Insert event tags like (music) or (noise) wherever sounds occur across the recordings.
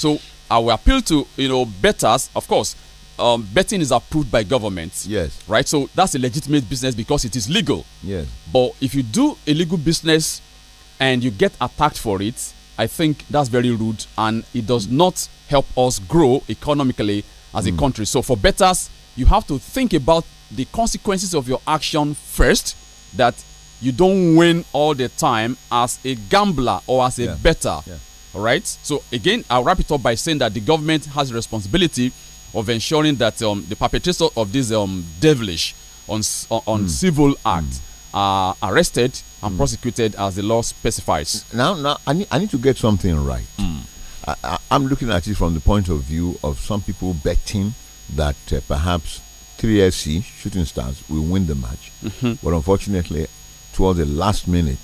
So I will appeal to you know betters. Of course, um, betting is approved by government. Yes. Right. So that's a legitimate business because it is legal. Yes. But if you do illegal business and you get attacked for it, I think that's very rude and it does not help us grow economically as mm. a hmm. country. So for betters, you have to think about the consequences of your action first. That you don't win all the time as a gambler or as a yeah. better. Yeah. All right. So again, I'll wrap it up by saying that the government has a responsibility of ensuring that um, the perpetrator of this um, devilish, on, on uh, mm. civil hmm. act mm. are arrested and mm. prosecuted as the law specifies. Now, now I need, I need to get something right. Hmm. I, am looking at it from the point of view of some people betting that uh, perhaps 3SC Shooting Stars will win the match, -hmm. but unfortunately, towards the last minute,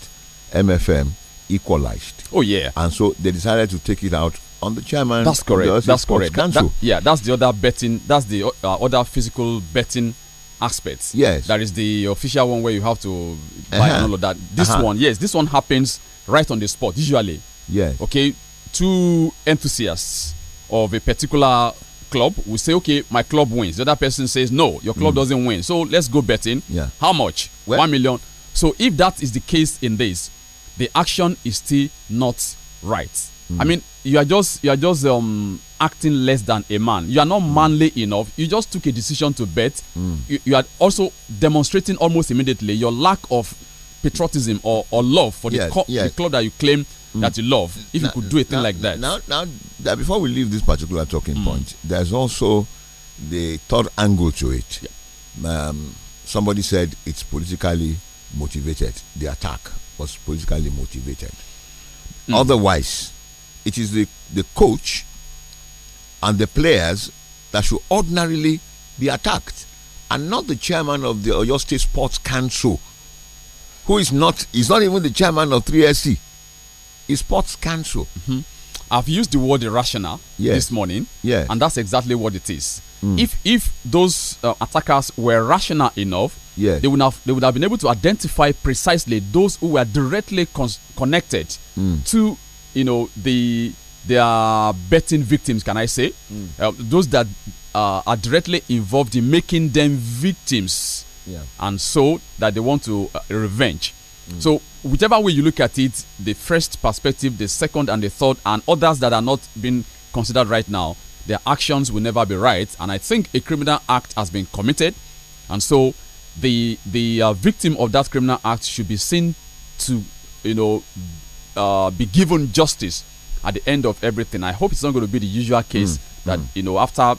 MFM equalized. Oh yeah. And so they decided to take it out on the chairman. That's correct. that's correct. Council. That, yeah, that's the other betting. That's the uh, other physical betting aspects. Yes. That is the official one where you have to buy uh -huh. all of that. This uh -huh. one, yes, this one happens right on the spot usually. Yes. Okay, two enthusiasts of a particular club will say, okay, my club wins. The other person says, no, your club mm. doesn't win. So let's go betting. Yeah. How much? Well, One million. So if that is the case in this, the action is still not right. Mm. I hmm. mean, you are just you are just um, acting less than a man. You are not mm. manly enough. You just took a decision to bet. Mm. You, you, are also demonstrating almost immediately your lack of patriotism or, or love for the, yes, yes. the club that you claim hmm. that you love. If now, you could do a thing now, like that. Now, now, before we leave this particular talking hmm. point, there's also the third angle to it. Yeah. Um, somebody said it's politically motivated. The attack was politically motivated. Mm. Otherwise, it is the, the coach and the players that should ordinarily be attacked and not the chairman of the Oyo State Sports Council, who is not is not even the chairman of 3SC, is Sports Council. Mm -hmm. I've used the word irrational yes. this morning, yeah. and that's exactly what it is. Mm. If if those uh, attackers were rational enough, yes. they would have they would have been able to identify precisely those who were directly connected mm. to you know the their betting victims. Can I say mm. uh, those that uh, are directly involved in making them victims, yeah. and so that they want to uh, revenge. Mm. So whichever way you look at it, the first perspective, the second and the third, and others that are not being considered right now, their actions will never be right. And I think a criminal act has been committed, and so the the uh, victim of that criminal act should be seen to you know uh, be given justice at the end of everything. I hope it's not going to be the usual case mm. that mm. you know after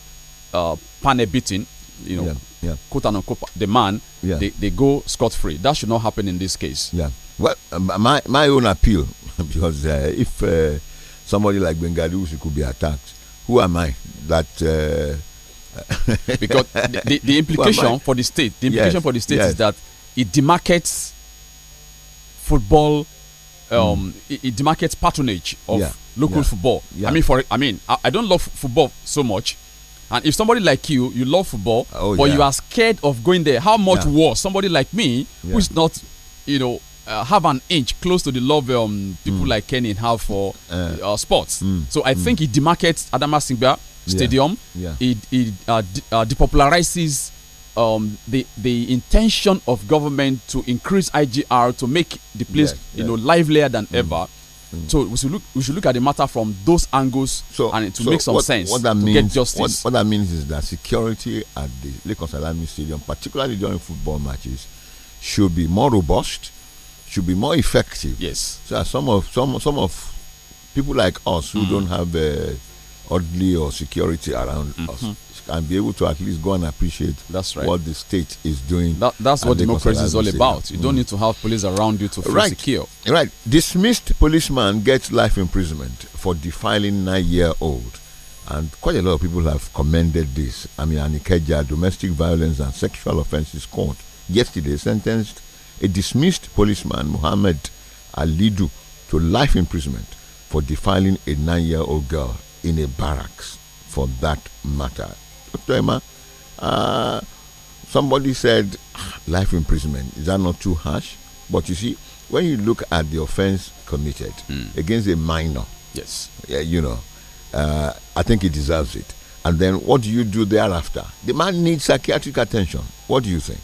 uh, pane beating, you know, yeah, yeah. quote unquote, the man yeah. they, they go scot free. That should not happen in this case. Yeah. Well, my my own appeal (laughs) because uh, if uh, somebody like Bengali could be attacked, who am I that? Uh, (laughs) because the, the implication well, for the state, the implication yes, for the state yes. is that it demarcates football, um, mm. it, it, demarcates patronage of yeah, local yeah, football. Yeah. I mean, for I mean, I, I, don't love football so much. And if somebody like you, you love football, oh, but you are scared of going there, how much worse somebody like me, who's not, you know, uh, have an inch close to the love um, people mm. like Kenny have for uh, uh, sports. Mm. So I mm. think it demarcates Adama Singba Stadium. Yeah. yeah. It, it uh, depopularizes um, the the intention of government to increase IGR to make the place yes, you yes. know livelier than mm. ever. Mm. So we should look we should look at the matter from those angles so, and to so make some what, sense what that means, what, what, that means is that security at the Lagos Alami Stadium, particularly during football matches, should be more robust, should be more effective. Yes. So some of some some of people like us who mm. don't have uh, orderly or security around mm -hmm. us mm-hmm. and be able to at least go and appreciate that's right. what the state is doing. That, that's what democracy is all about. You mm. don't need to have police around you to feel right. secure. Right. Dismissed policeman gets life imprisonment for defiling nine-year-old. And quite a lot of people have commended this. I mean, Anikeja, Domestic Violence and Sexual Offences Court yesterday sentenced a dismissed policeman, Muhammad Alidu, to life imprisonment for defiling a nine-year-old girl in a barracks for that matter. Dr. Emma, uh, somebody said ah, life imprisonment. Is that not too harsh? But you see, when you look at the offense committed mm. against a minor, yes, yeah, you know, uh, I think he deserves it. And then what do you do thereafter? The man needs psychiatric attention. What do you think?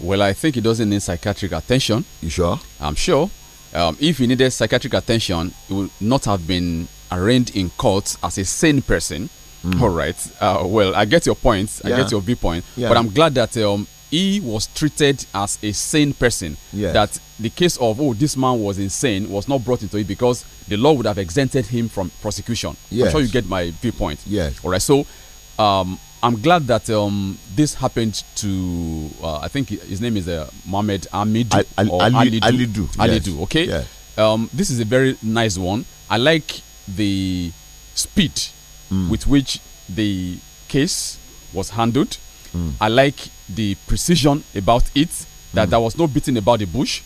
Well, I think he doesn't need psychiatric attention. You sure? I'm sure. Um, if he needed psychiatric attention, it would not have been arraigned in courts as a sane person. Mm. All right. Uh, well, I get your point. Yeah. I get your viewpoint. Yeah. But I'm glad that um, he was treated as a sane person. Yes. That the case of oh this man was insane was not brought into it because the law would have exempted him from prosecution. Yes. I'm sure you get my viewpoint. Yes. All right. So um, I'm glad that um, this happened to uh, I think his name is uh, Mohammed Amidu Ali, or Ali, Alidu. Alidu. Yes. Alidu okay. Yes. Um, this is a very nice one. I like the speed mm. with which the case was handled. Mm. I like the precision about it that mm. there was no beating about the bush.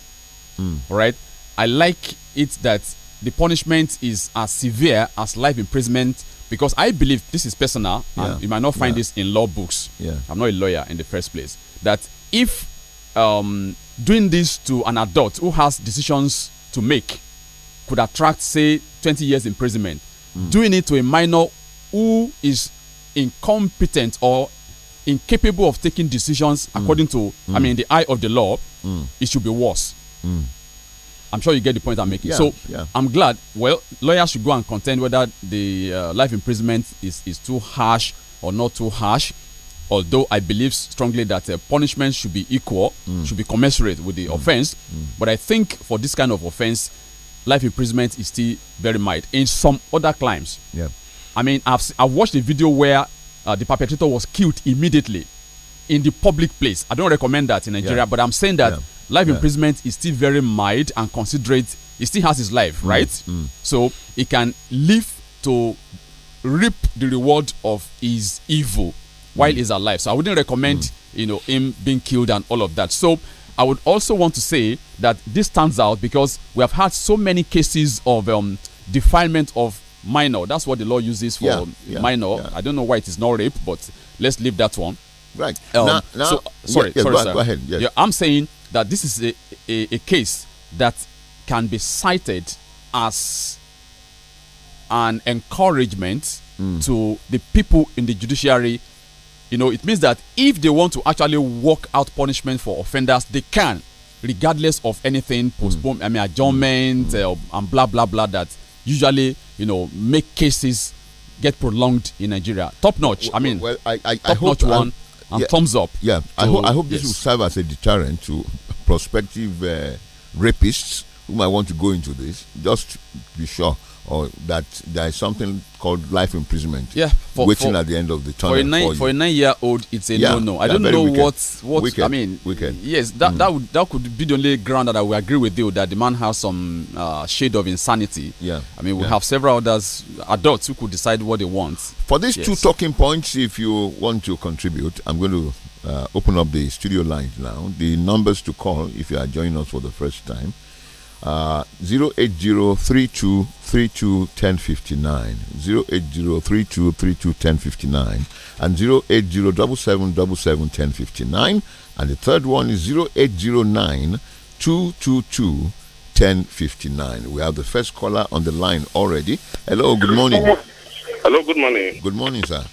Mm. Right? I like it that the punishment is as severe as life imprisonment because I believe this is personal yeah. and you might not find yeah. this in law books. Yeah. I'm not a lawyer in the first place. That if um, doing this to an adult who has decisions to make could attract, say, 20 years imprisonment. Mm. Doing it to a minor who is incompetent or incapable of taking decisions mm. according to, I hmm. mean, the eye of the law, hmm. it should be worse. Hmm. I'm sure you get the point I'm making. Yeah, so yeah. I'm glad. Well, lawyers should go and contend whether the uh, life imprisonment is, is too harsh or not too harsh. Although I believe strongly that uh, punishment should be equal, mm. should be commensurate with the mm. offense. Mm. But I think for this kind of offense, life imprisonment is still very mild. In some other crimes, yeah. I mean, I've I've watched a video where uh, the perpetrator was killed immediately in the public place. I don't recommend that in Nigeria, yeah. but I'm saying that yeah. life imprisonment is still very mild and considerate. He still has his life, mm. right? Mm. So he can live to reap the reward of his evil while mm. he's alive. So I wouldn't recommend, mm. you know, him being killed and all of that. So I would also want to say that this stands out because we have had so many cases of um, defilement of minor. That's what the law uses for yeah, yeah, minor. Yeah. I don't know why it is not rape, but let's leave that one. Right. Um, now, now, so, sorry, sorry, go, sir. Go ahead. Yeah. I'm saying that this is a, a, a case that can be cited as an encouragement mm. to the people in the judiciary you know, it means that if they want to actually work out punishment for offenders, they can, regardless of anything, hmm. postpone, mm. I mean, adjournment mm. uh, and blah, blah, blah, that usually, you know, make cases get prolonged in Nigeria. Top notch. Well, I mean, well, I, I, top I hope, notch one and yeah, thumbs up. Yeah, to, I, hope, I hope this yes. will serve as a deterrent to prospective uh, rapists who might want to go into this. Just be sure or that there is something called life imprisonment. Yeah, for, waiting for, at the end of the tunnel. For a nine, for, for a nine-year-old, it's a yeah, no-no. I don't know wicked. what what I mean. Wicked. Yes, that mm. that would that could be the only ground that I would agree with you that the man has some uh, shade of insanity. Yeah, I mean we yeah. have several others adults who could decide what they want. For these yes. two talking points, if you want to contribute, I'm going to uh, open up the studio lines now. The numbers to call if you are joining us for the first time. Uh, zero eight zero three two. 08032 Three two ten fifty nine zero eight 1059 and 080 and the third one is 0809 we have the first caller on the line already hello good morning hello good morning good morning sir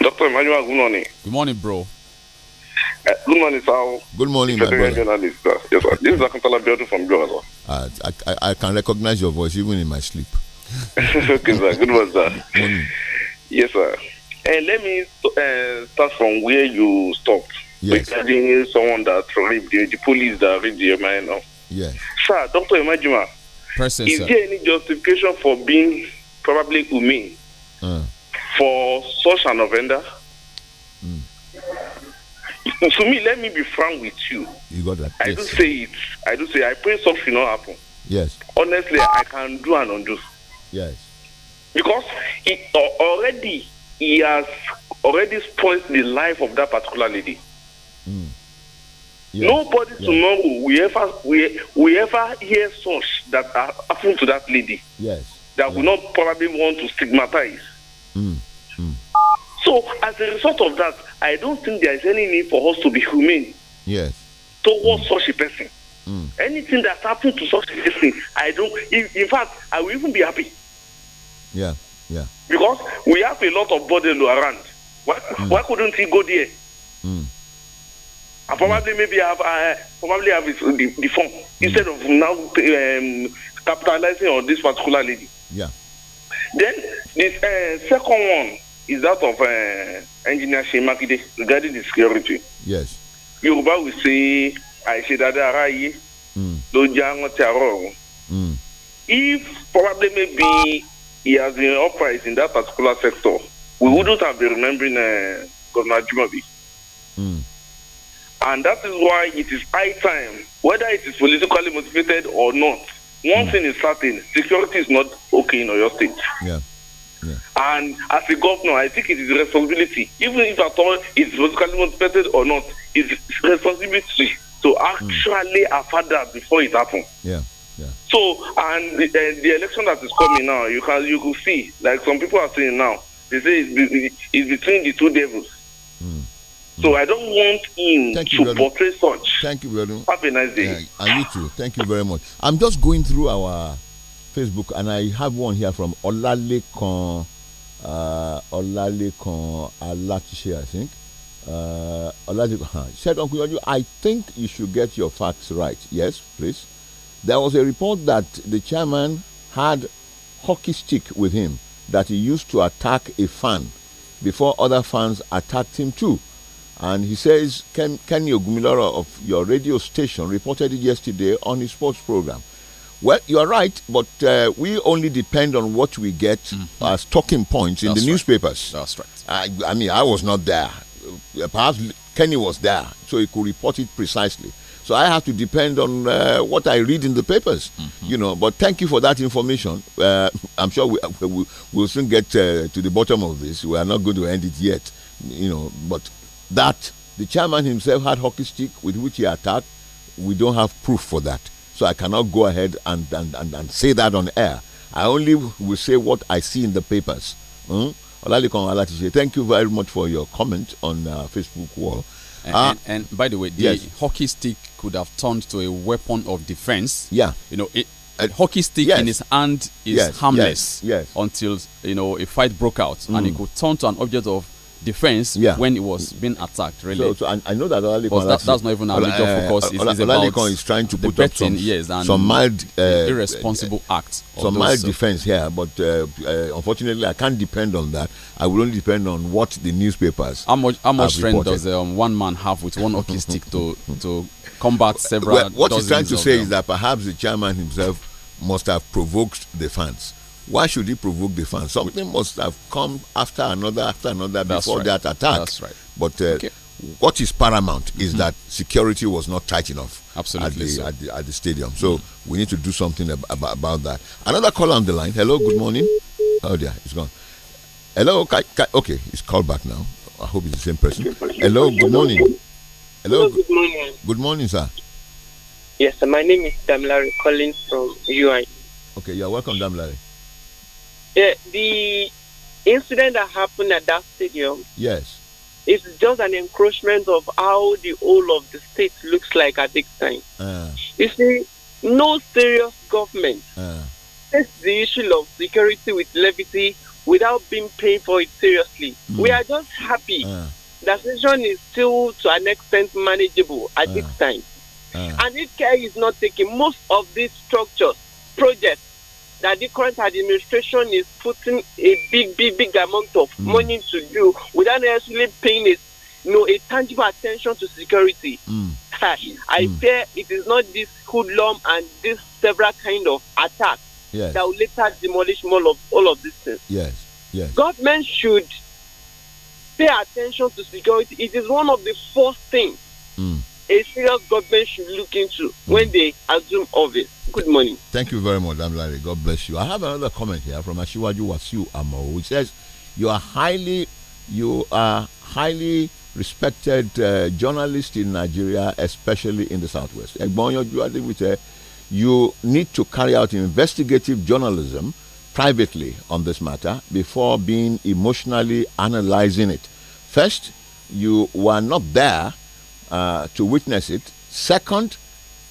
dr emmanuel good morning good morning bro Eh, good morning, sir. Good morning, my brother. Journalist, Yes, sir. This is Akantala Biodu from Johanna. I, I, I can recognize your voice even in my sleep. (laughs) okay, sir. Good morning, sir. Morning. Yes, sir. And eh, let me uh, start from where you stopped. Yes. Regarding someone that raped the, the police that raped the minor. Yes. Sir, Dr. Imajima, Person, is sir. there any justification for being probably Umi mm. for such an offender? Mm. No, me, let me be frank with you. You got that. I yes. do say it. I do say I pray something not happen. Yes. Honestly, I can do and undo. Yes. Because it uh, already he has already spoiled the life of that particular lady. Mm. Yes. Nobody yes. tomorrow we ever we we ever hear such that happened to that lady. Yes. That yes. will not probably want to stigmatize. Mm. So, as a result of that, I don't think there is any need for us to be humane. Yes. Towards mm. such a person. Mm. Anything that happened to such a person, I don't. In, in, fact, I will even be happy. Yeah, yeah. Because we have a lot of burden around. Why, mm. why couldn't he go there? Mm. probably maybe I have uh, probably have the, the form mm. instead of now um, capitalizing on this particular lady. Yeah. Then this uh, second one is that of uh, engineer Shemakide regarding the security. Yes. Yoruba will say, I say that are Dojang Terror. If probably maybe he has been uprising in that particular sector, we wouldn't have been remembering uh, Governor Jumabi. Mm. And that is why it is high time, whether it is politically motivated or not. One mm. thing is certain security is not okay in your state. Yeah. Yeah. And as a governor, I think it is responsibility, even if at all it's politically motivated or not, it's responsibility to mm. actually mm. afford that before it happens. Yeah. Yeah. So and the, uh, the, election that is coming now, you can you can see like some people are saying now, they say it's, it's between the two devils. Mm. mm. So I don't want him Thank to you, portray such. Thank you, brother. Have a nice day. Yeah, and you too. Thank you very much. I'm just going through our Facebook, and I have one here from Olalekan uh, Olalekan Alatiche, I think. Uh, Olalekan uh, said, Uncle Yoju, I think you should get your facts right. Yes, please. There was a report that the chairman had hockey stick with him that he used to attack a fan before other fans attacked him too. And he says, Ken, Kenny Ogumiloro of your radio station reported it yesterday on his sports program. Well, you are right, but uh, we only depend on what we get mm -hmm. as talking points in That's the right. newspapers. That's right. I, I, mean, I was not there. Uh, perhaps Kenny was there, so he could report it precisely. So I have to depend on uh, what I read in the papers, mm -hmm. you know. But thank you for that information. Uh, (laughs) I'm sure we, uh, we, will soon get uh, to the bottom of this. We are not going to end it yet, you know. But that the chairman himself had hockey stick with which he attacked, we don't have proof for that. So I cannot go ahead and, and, and, and say that on air. I only will say what I see in the papers. Mm? thank you very much for your comment on uh, Facebook wall. And, uh, and, and, by the way, the yes. hockey stick could have turned to a weapon of defense. Yeah. You know, it, a uh, hockey stick yes. in his hand is yes. harmless yes. until, you know, a fight broke out mm. and it mm. could turn to an object of defense yeah. when it was being attacked. Really, so, so I, I, know that Olalekan that, that's not even our major uh, focus. Olalekan is trying to put up some, yes, and some mild eh, eh, uh, irresponsible uh, act. Some mild defense here, but unfortunately, I can't depend on that. I will only depend on what the newspapers. How much how much strength reported. does um, one man have with one hockey stick to to combat (laughs) several? Well, what he's trying to say them. is that perhaps the chairman himself must have provoked the fans why should he provoke the fans? Something must have come after another, after another That's before right. that attack. That's right. But uh, okay. what is paramount is mm -hmm. that security was not tight enough Absolutely at the, so. at the, at the stadium. So mm -hmm. we need to do something ab ab about that. Another call on the line. Hello, good morning. Oh dear, it's gone. Hello, okay, okay it's called back now. I hope it's the same person. Hello, good morning. Hello, Hello good morning. Good morning, sir. Yes, sir, my name is Damlari calling from UI. Okay, you're welcome, Damlari. The, incident that happened at that stadium. Yes. It's just an encroachment of how the whole of the state looks like at this time. Uh. You see, no serious government uh. takes the issue of security with levity without being paid for it seriously. Mm. We are just happy uh. that situation is still to an extent manageable at uh. this time. Uh. And if care is not taken, most of these structures, projects, that the current administration is putting a big, big, big amount of mm. money to do without necessarily paying it, you know, a tangible attention to security. Mm. I mm. fear it is not this hoodlum and this several kind of attacks yes. that will later demolish all of all of these things. Yes, yes. Government should pay attention to security. It is one of the first things. Mm a serious government should look into when mm. they assume office. Good morning. Thank you very much, Larry. God bless you. I have another comment here from Ashiwaju Wasiu Amo, who says, "You are highly, you are highly." Respected uh, journalist in Nigeria, especially in the southwest. You need to carry out investigative journalism privately on this matter before being emotionally analyzing it. First, you were not there uh, to witness it. Second,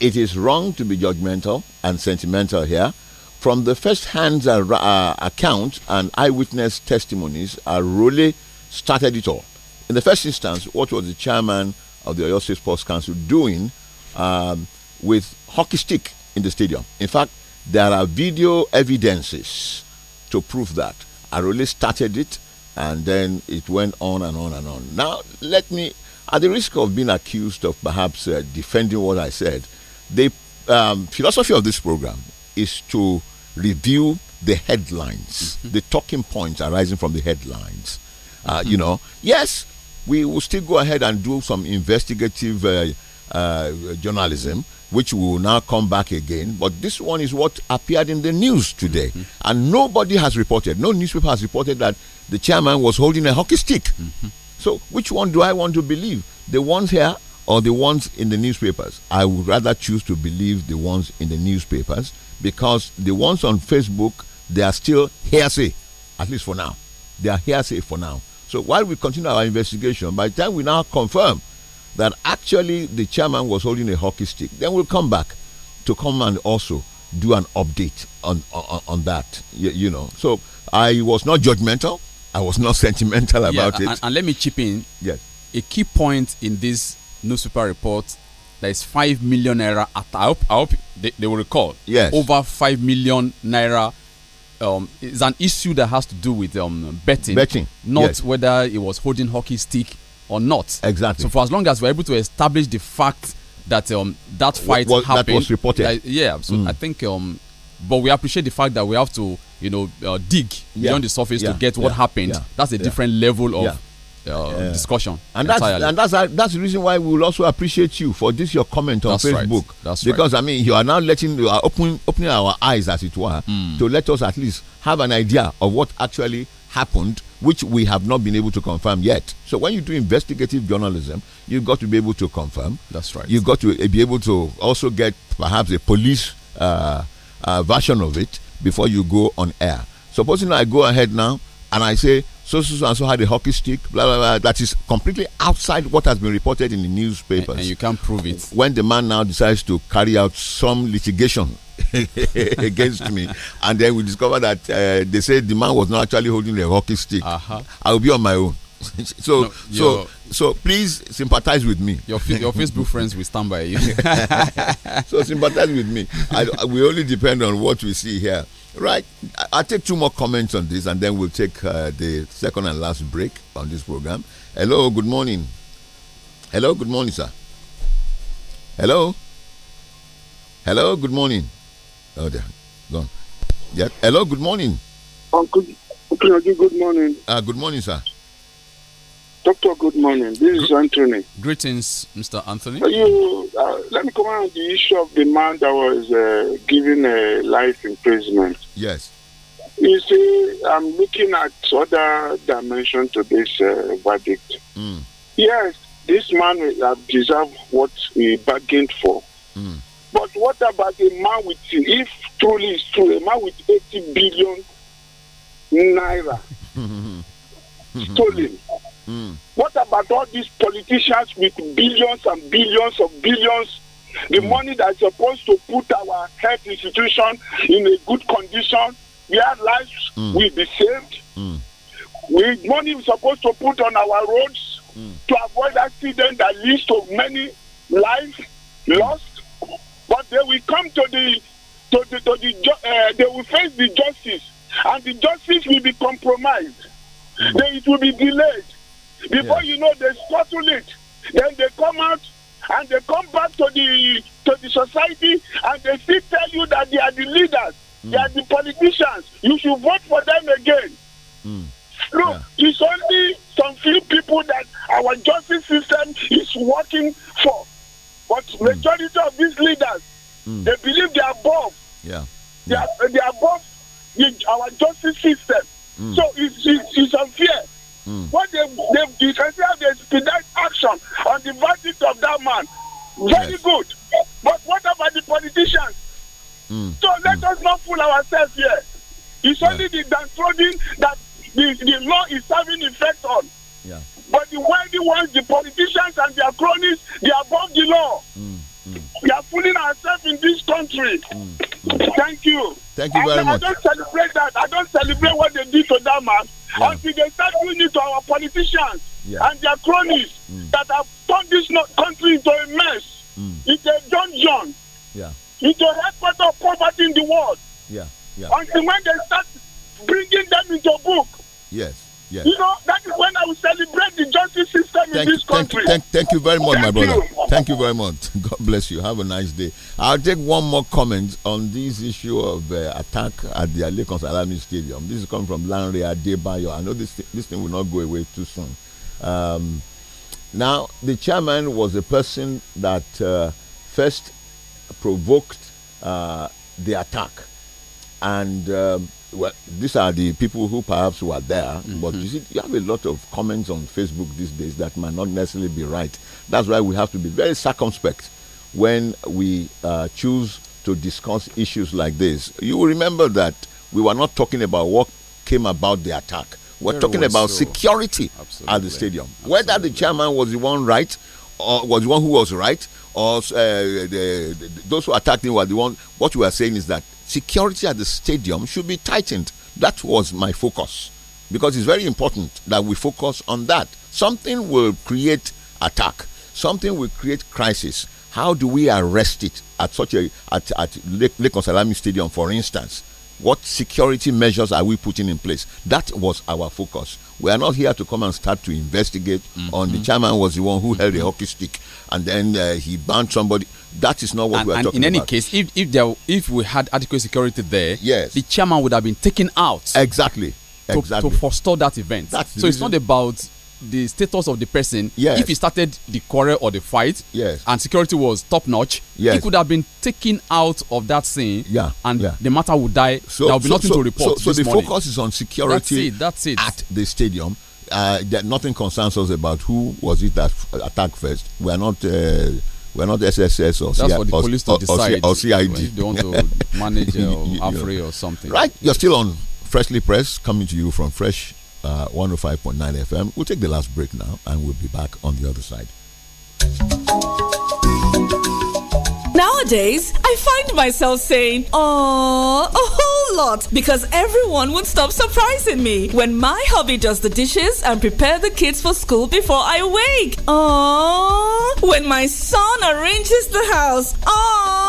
it is wrong to be judgmental and sentimental here. From the first hand uh, account and eyewitness testimonies, really started it all. In the first instance, what was the chairman of the Oyo State Sports Council doing um, with hockey stick in the stadium? In fact, there are video evidences to prove that. really started it, and then it went on and on and on. Now, let me at the risk of being accused of perhaps uh, defending what I said, the um, philosophy of this program is to review the headlines, mm -hmm. the talking points arising from the headlines. Uh, mm -hmm. You mm-hmm. know, yes, we will still go ahead and do some investigative uh, uh, journalism, which will now come back again. But this one is what appeared in the news today, mm -hmm. and nobody has reported. No newspaper has reported that the chairman was holding a hockey stick. Mm-hmm. So, which one do I want to believe? The ones here or the ones in the newspapers? I would rather choose to believe the ones in the newspapers because the ones on Facebook, they are still hearsay, at least for now. They are hearsay for now. So, while we continue our investigation, by the time we now confirm that actually the chairman was holding a hockey stick, then we'll come back to come and also do an update on on, on that. You, you know, so I was not judgmental. I was not (laughs) sentimental yeah, about and, it. And let me chip in. Yes. A key point in this newspaper report there is 5 million naira at, I hope, I hope they, they will recall. Yes. Over 5 million naira um, is an issue that has to do with um, betting. Betting. Not yes. whether it was holding hockey stick or not. Exactly. So for as long as we're able to establish the fact that um, that fight happened. That was reported. That, yeah. So mm. I think, um, but we appreciate the fact that we have to you know uh, dig yeah. beyond the surface yeah. to get what yeah. happened. That's a different level of. Uh, discussion and entirely. that's and that's uh, that's the reason why we will also appreciate you for this your comment on that's Facebook. Right. That's because right. I mean you are now letting you are opening opening our eyes as it were mm. to let us at least have an idea of what actually happened, which we have not been able to confirm yet. So when you do investigative journalism, you've got to be able to confirm. That's right. You've got to be able to also get perhaps a police uh, uh version of it before you go on air. Supposing I go ahead now and I say so so so and so had a hockey stick, blah blah blah. That is completely outside what has been reported in the newspapers. And, and you can't prove it. When the man now decides to carry out some litigation (laughs) against me, and then we discover that uh, they say the man was not actually holding a hockey stick, uh -huh. I will be on my own. (laughs) so no, so so please sympathize with me. Your your Facebook (laughs) friends will stand by you. so sympathize with me. I, I, we only depend on what we see here, right? I, will take two more comments on this, and then we'll take uh, the second and last break on this program. Hello, good morning. Hello, good morning, sir. Hello. Hello, good morning. Oh, there, gone. Yeah. Hello, good morning. Uncle, Uncle, good morning. Uh, good morning, sir. Doctor, good morning. This is Anthony. Greetings, Mr. Anthony. You, uh, let me comment on the issue of the man that was uh, given a life imprisonment. Yes. You see, I'm looking at other dimension to this uh, verdict. Mm. Yes, this man have deserved what he bargained for. Mm. But what about a man with, if truly is true, a man with 80 billion naira (laughs) stolen? What about all these politicians with billions and billions of billions? The mm. money that's supposed to put our health institution in a good condition, where lives mm. will be saved. Mm. We money we're supposed to put on our roads mm. to avoid accidents, that leads to many lives lost. But they will come to the to the, to the uh, they will face the justice, and the justice will be compromised. Mm. Then it will be delayed before yeah. you know, they scuttle it. Then they come out and they come back to the to the society and they still tell you that they are the leaders, mm. they are the politicians. You should vote for them again. Mm. Look, yeah. it's only some few people that our justice system is working for. But mm. majority of these leaders, hmm. they believe they are above. Yeah. They, are, they are above the, our justice system. Hmm. So it's, it's, it's unfair. Mm. What they, they, you can see how they expedite action on the verdict of that man. Very yes. good. But what about the politicians? Mm. So let mm. us not fool ourselves here. It's only yeah. the downtrodden that the, the law is having effect on. Yeah. But the wealthy ones, the politicians and their cronies, they are above the law. Mm, mm. We are fooling ourselves in this country. Mm, mm. Thank you. Thank you I, very I, much. I don't celebrate that. I don't celebrate what they did to that man yeah. until they start doing it to our politicians yeah. and their cronies mm. that have turned this country into a mess, mm. into a dungeon, yeah. into a headquarters of poverty in the world. Yeah. Yeah. Until when they start bringing them into book. Yes. Yes. You know, that is when I will celebrate the justice system thank, in this country. Thank, thank, thank you very much, my brother. You. Thank you very much. (laughs) God bless you. Have a nice day. I'll take one more comment on this issue of uh, attack at the Alekon Salami Stadium. This is coming from Lanre Adebayo. I know this, this thing will not go away too soon. Um, now, the chairman was a person that uh, first provoked uh, the attack. And... Um, well, these are the people who perhaps were there, mm -hmm. but you see, you have a lot of comments on Facebook these days that might not necessarily be right. That's why we have to be very circumspect when we uh, choose to discuss issues like this. You will remember that we were not talking about what came about the attack. We're there talking about so. security Absolutely. at the stadium. Absolutely. Whether the chairman was the one right or was the one who was right, or uh, the, the, those who attacked him were the one. What we are saying is that security at the stadium should be tightened. That was my focus because it's very important that we focus on that. Something will create attack, something will create crisis. How do we arrest it at such a at, at Lake, Lake Salami Stadium, for instance? What security measures are we putting in place? That was our focus. We are not here to come and start to investigate. Mm -hmm. On the mm-hmm. chairman was the one who mm -hmm. held the mm-hmm. hockey stick, and then uh, he banned somebody. That is not what and, we are and talking about. In any about. case, if if there if we had adequate security there, yes. the chairman would have been taken out. Exactly. To, exactly. to forestall that event. That's so it's not about the status of the person. Yes. If he started the quarrel or the fight, yes. and security was top notch, yes. he could have been taken out of that scene, yeah. and yeah. the matter would die. So, there would be so, nothing so, to report. So, so the morning. focus is on security that's it, that's it. at the stadium. Uh, nothing concerns us about who was it that attacked first. We are not. Uh, we're not SSS or, the or, or, or CID. they want to (laughs) manage uh, Afri or something. Right. You're still on Freshly Pressed, coming to you from Fresh uh, 105.9 FM. We'll take the last break now and we'll be back on the other side. Nowadays, I find myself saying, "Aww," a whole lot because everyone would stop surprising me when my hubby does the dishes and prepare the kids for school before I wake. Aww, when my son arranges the house. Aww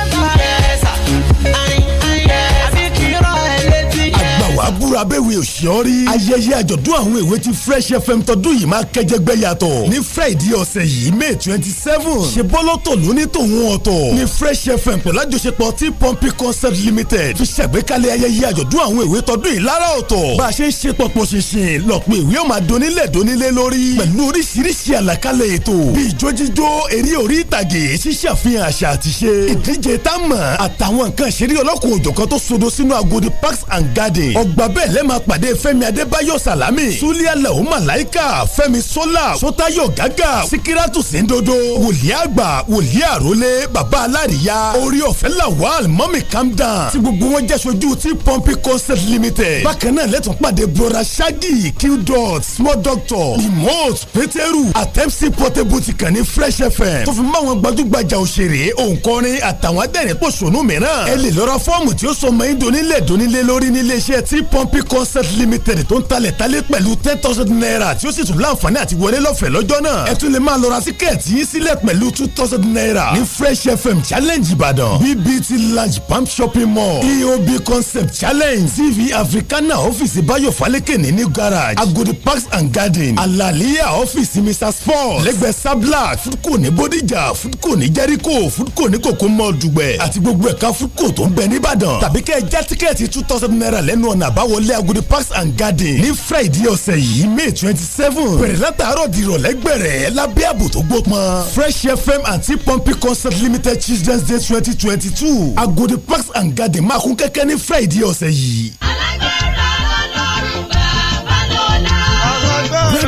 búra bẹ́wẹ̀ òṣìṣẹ́ rí. ayẹyẹ àjọ̀dún àwọn èwe ti fresh fm tọdún yìí máa kẹjẹ gbẹ́ yàtọ̀. ní friday ọ̀sẹ̀ yìí may twenty seven ṣe bọ́lọ́tọ̀ lóní tòun ọ̀tọ̀. ní fresh fm pẹ̀lú àjọṣepọ̀ tí pọ́ǹpì concept limited fi ṣàgbékalẹ̀ ayẹyẹ àjọ̀dún àwọn èwe tọdún yìí lára ọ̀tọ̀. bá a ṣe ń ṣe pọ̀pọ̀ ṣinṣin lọ́pọ̀ èwe ó máa donílẹ̀ donílé lórí. pẹ̀lú oríṣiríṣi àlàkalẹ̀ ètò bíi ijó jíjó eré orí ìtàgé ṣíṣàfihàn àṣà àtiṣe ìdíje támà àtàwọn nǹkan ìṣeré ọlọ́kùnrin òjọ̀kan tó sodo sínú agodi parks and gardens ọgb nípa bẹ́ẹ̀ lẹ́ẹ̀ máa pàdé fẹ́mi adébáyọ̀ sàlámì súlẹ̀ aláwọ̀ màláìkà fẹ́mi sọ́là sọ́tayọ̀ gàgà síkírátù síndodo wòlíì àgbà wòlíì àrólé bàbá alárìíyá orí ọ̀fẹ́ lawal mọ́mì calm tí gbogbo wọn jẹ́ sojú ti pọ́ǹpì concert limited bákan náà lẹ́tọ̀ pàdé bọ́ra ṣáàgì qdot small doctor remote pétérù àtẹ́msì portable ti kàn ní fresh fm tó fi mọ́ àwọn gbajúgbajà òṣèré òǹkọrin àtàwọn adẹ́rìn pòṣónú mìíràn ẹ lè lọ́ra fọ́ọ̀mù tí ó sọ mọ́ ẹ́ donílẹ̀ donílẹ̀ lórí níléeṣẹ́ tí City pumping concert limited tó ń talẹ̀ talẹ̀ pẹ̀lú ten thousand naira tí ó sì tún láǹfààní àti wọlé lọ́fẹ̀ẹ́ lọ́jọ́ náà ẹ tún lè máa lọ ra tíkẹ́ẹ̀tì yín sílẹ̀ pẹ̀lú two thousand naira ní Fresh FM challenge Ìbàdàn BBT lunch. pump shopping mall EOB concept challenge TV Africana ọ́fíìsì Báyọ̀ Fálékèní ní garage Agodi parks and garden Alaliya ọ́fíìsì Mr Sports lẹ́gbẹ̀ẹ́ Sabla Foodco ní Bódìjà Foodco ní Jẹ́ríkò Foodco ní Kòkó mall Dùgbẹ̀ àti gbogbo ẹ̀ka Foodco tó ń bẹ ní Ìbàdàn tàbí kẹ́ ẹ já tíkẹ́ẹ̀tì two thousand naira lẹ́nu ọ̀nà àbáwọlé Agodi Parks and Garden ní Friday ọ̀sẹ̀ yìí May twenty seven bẹ̀rẹ̀ látàárọ̀ di ìrọ̀lẹ́ gbẹ̀rẹ̀ lábẹ́ ààbò tó gbópọn Fresh FM àti Pompi Concert Limited Children's Day twenty twenty two Agodi Parks and Garden máa kún kẹ́kẹ́ ní Friday ọ̀sẹ̀ yìí. alágbèrè àlọ́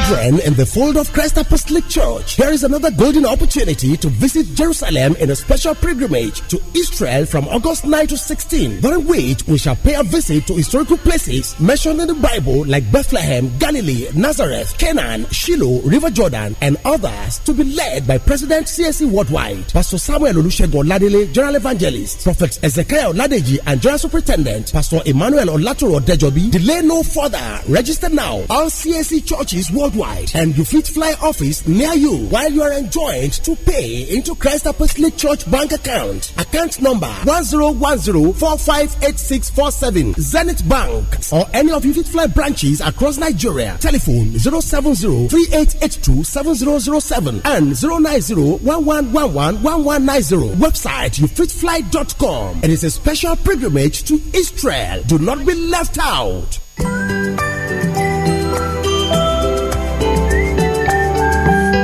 children in the fold of Christ Apostolic Church, there is another golden opportunity to visit Jerusalem in a special pilgrimage to Israel from August 9 to 16, during which we shall pay a visit to historical places mentioned in the Bible like Bethlehem, Galilee, Nazareth, Canaan, Shiloh, River Jordan, and others to be led by President CSE Worldwide, Pastor Samuel Olusegun Ladele, General Evangelist, Prophet Ezekiel Oladeji, and General Superintendent, Pastor Emmanuel Olatoro Dejobi. Delay no further. Register now. All CSC churches worldwide worldwide and you fit fly office near you while you are enjoined to pay into Christ Apostolic Church bank account. Account number 1010458647 Zenith Bank or any of you fit fly branches across Nigeria. Telephone 070-3882-7007 and 090-1111-1190. Website youfitfly.com. It is a special pilgrimage to Israel. Do not be left out.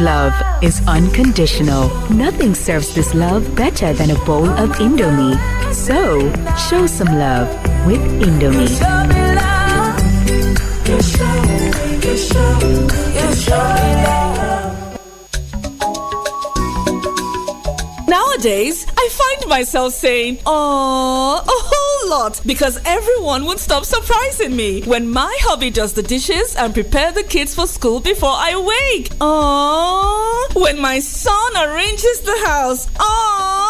love is unconditional. Nothing serves this love better than a bowl of Indomie. So, show some love with Indomie. Nowadays, I find myself saying, oh, oh lot because everyone would stop surprising me when my hubby does the dishes and prepare the kids for school before I wake. Aww. When my son arranges the house. Aww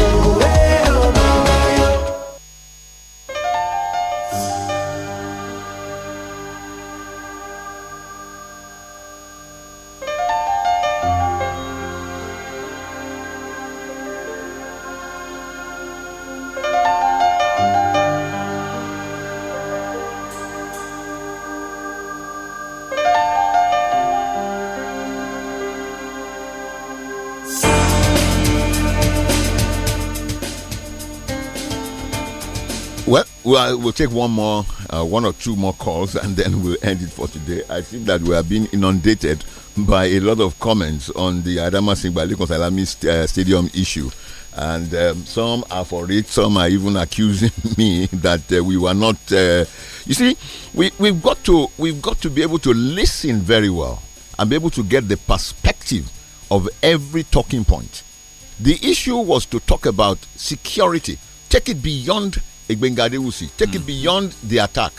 Well, we'll take one more, uh, one or two more calls, (laughs) and then we'll end it for today. I think that we are being inundated by a lot of comments on the Adama Singbali st uh, Stadium issue. And um, some are for it, some are even accusing (laughs) me that uh, we were not. Uh, you see, we, we've, got to, we've got to be able to listen very well and be able to get the perspective of every talking point. The issue was to talk about security, take it beyond Take it mm. beyond the attack.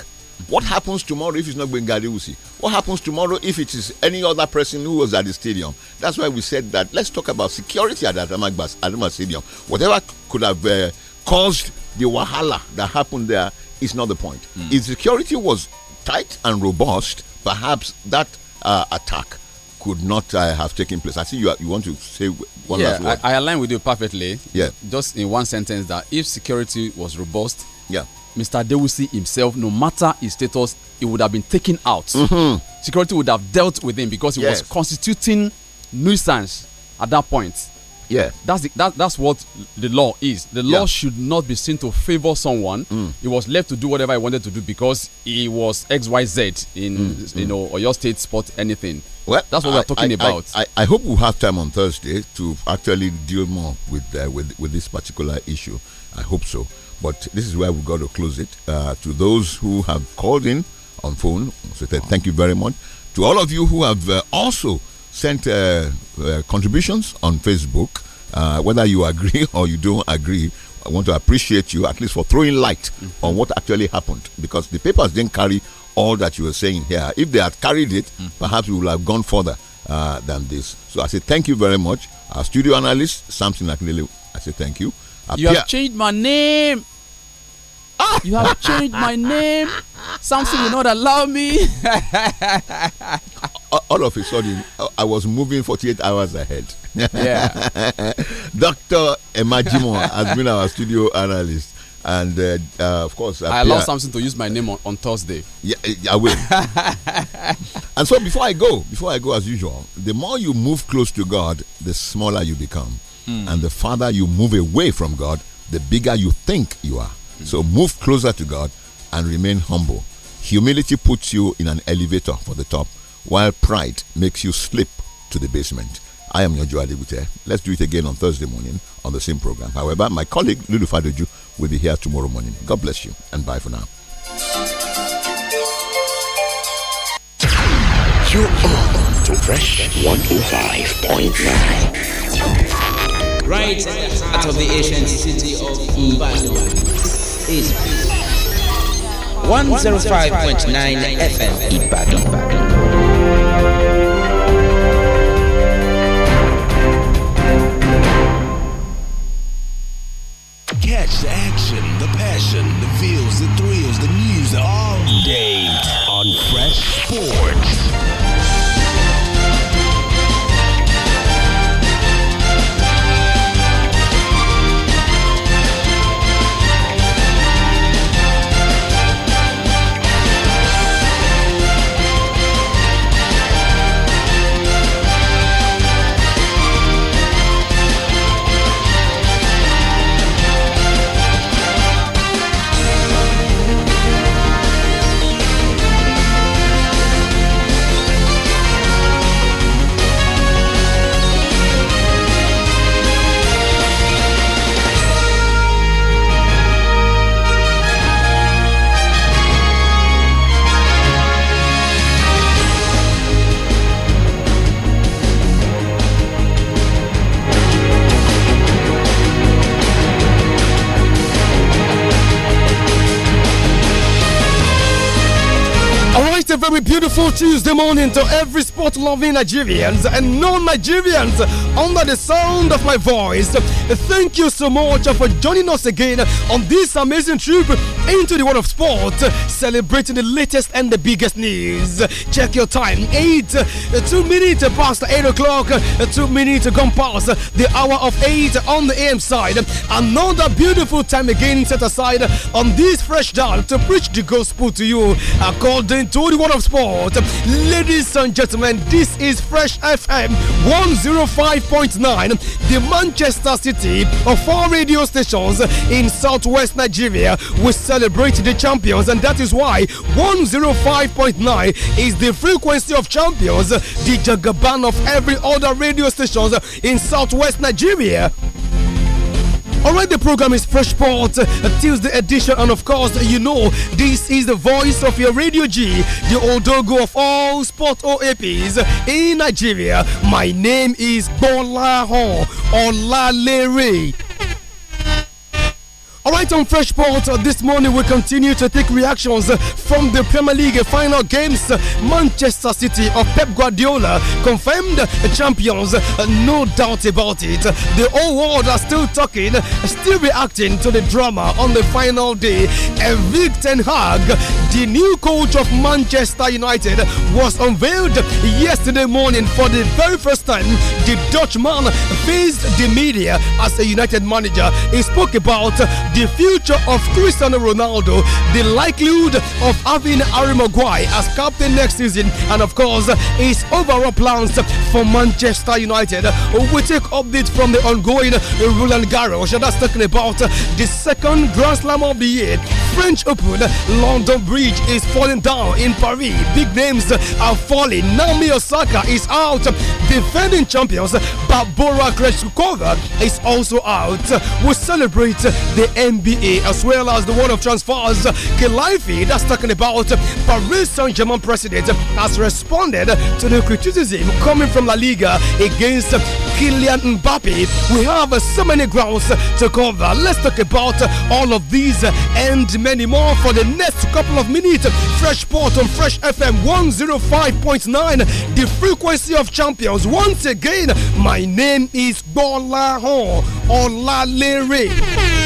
What happens tomorrow if it's not Bengadi Usi? What happens tomorrow if it is any other person who was at the stadium? That's why we said that let's talk about security at Adamagbas, Adama Stadium. Whatever could have uh, caused the wahala that happened there is not the point. Mm. If security was tight and robust, perhaps that uh, attack could not uh, have taken place. I see you, you want to say one yeah, last word. I, I align with you perfectly. Yeah. Just in one sentence that if security was robust, yeah. Mr. Dewisi himself, no matter his status, he would have been taken out. Mm -hmm. Security would have dealt with him because he yes. was constituting nuisance at that point. Yeah. That's the, that, that's what the law is. The law yeah. should not be seen to favor someone. Mm. He was left to do whatever he wanted to do because he was XYZ in mm. you mm. know or your state sport anything. Well, that's what I, we're talking I, about. I, I, hope we'll have time on Thursday to actually deal more with uh, with with this particular issue. I hope so. But this is where we've got to close it. Uh, to those who have called in on phone, so thank you very much. To all of you who have uh, also sent uh, uh, contributions on Facebook. Uh, whether you agree (laughs) or you don't agree, I want to appreciate you at least for throwing light mm -hmm. on what actually happened because the papers didn't carry all that you were saying here. If they had carried it, mm -hmm. perhaps we would have gone further uh, than this. So I say thank you very much. Our studio analyst, Samson Akindele, I say thank you. Appear you have changed my name. Ah! you have changed my name. Something will not allow me. (laughs) All of a sudden, I was moving 48 hours ahead. Yeah. (laughs) Dr. Emma Jimon has been our studio analyst. And uh, uh, of course, I lost something to use my name on, on Thursday. Yeah, I will. (laughs) and so, before I go, before I go, as usual, the more you move close to God, the smaller you become. Mm. And the farther you move away from God, the bigger you think you are. So move closer to God and remain humble. Humility puts you in an elevator for the top, while pride makes you slip to the basement. I am Nyojo Adibute. Let's do it again on Thursday morning on the same program. However, my colleague Lulu Fadoju will be here tomorrow morning. God bless you and bye for now. You're on to Fresh 105.9. Right out of the ancient city of Ibadan is 105.9 FM Ibadan. Catch the action, the passion, the feels, the thrills, the news all day on Fresh Sports. a very beautiful Tuesday morning to every sport loving Nigerians and non Nigerians under the sound of my voice. Thank you so much for joining us again on this amazing trip into the world of sport, celebrating the latest and the biggest news. Check your time. Eight, uh, two minutes past eight o'clock, uh, two minutes gone past the hour of eight on the AM side. Another beautiful time again set aside on this fresh dawn to preach the gospel to you according to the world of sport. Ladies and gentlemen, this is Fresh FM 105.9, the Manchester City of four radio stations in southwest Nigeria. We celebrate the champions, and that is why 105.9 is the frequency of champions, the Jagaban of every other radio stations in southwest Nigeria. Alright, the program is Fresh Port, a Tuesday edition, and of course, you know, this is the voice of your Radio G, the Odogo of all sport OAPs in Nigeria. My name is Bola Hon Olalere. All right, on Fresh Port uh, this morning, we continue to take reactions uh, from the Premier League final games. Manchester City of Pep Guardiola confirmed champions, uh, no doubt about it. The whole world are still talking, still reacting to the drama on the final day. Evic Ten Hag, the new coach of Manchester United, was unveiled yesterday morning for the very first time. The Dutchman faced the media as a United manager. He spoke about the future of Cristiano Ronaldo, the likelihood of having Harry Maguire as captain next season, and of course, his overall plans for Manchester United. We take updates from the ongoing Roland Garros. That's talking about the second Grand Slam of the year. French Open, London Bridge is falling down in Paris. Big names are falling. Naomi Osaka is out. Defending champions Barbora Krejcikova is also out. We celebrate the NBA, as well as the one of transfers, Kilifi, that's talking about Paris Saint Germain president, has responded to the criticism coming from La Liga against Kylian Mbappe. We have so many grounds to cover. Let's talk about all of these and many more for the next couple of minutes. Fresh Port on Fresh FM 105.9, the frequency of champions. Once again, my name is Bola Hon Olalere.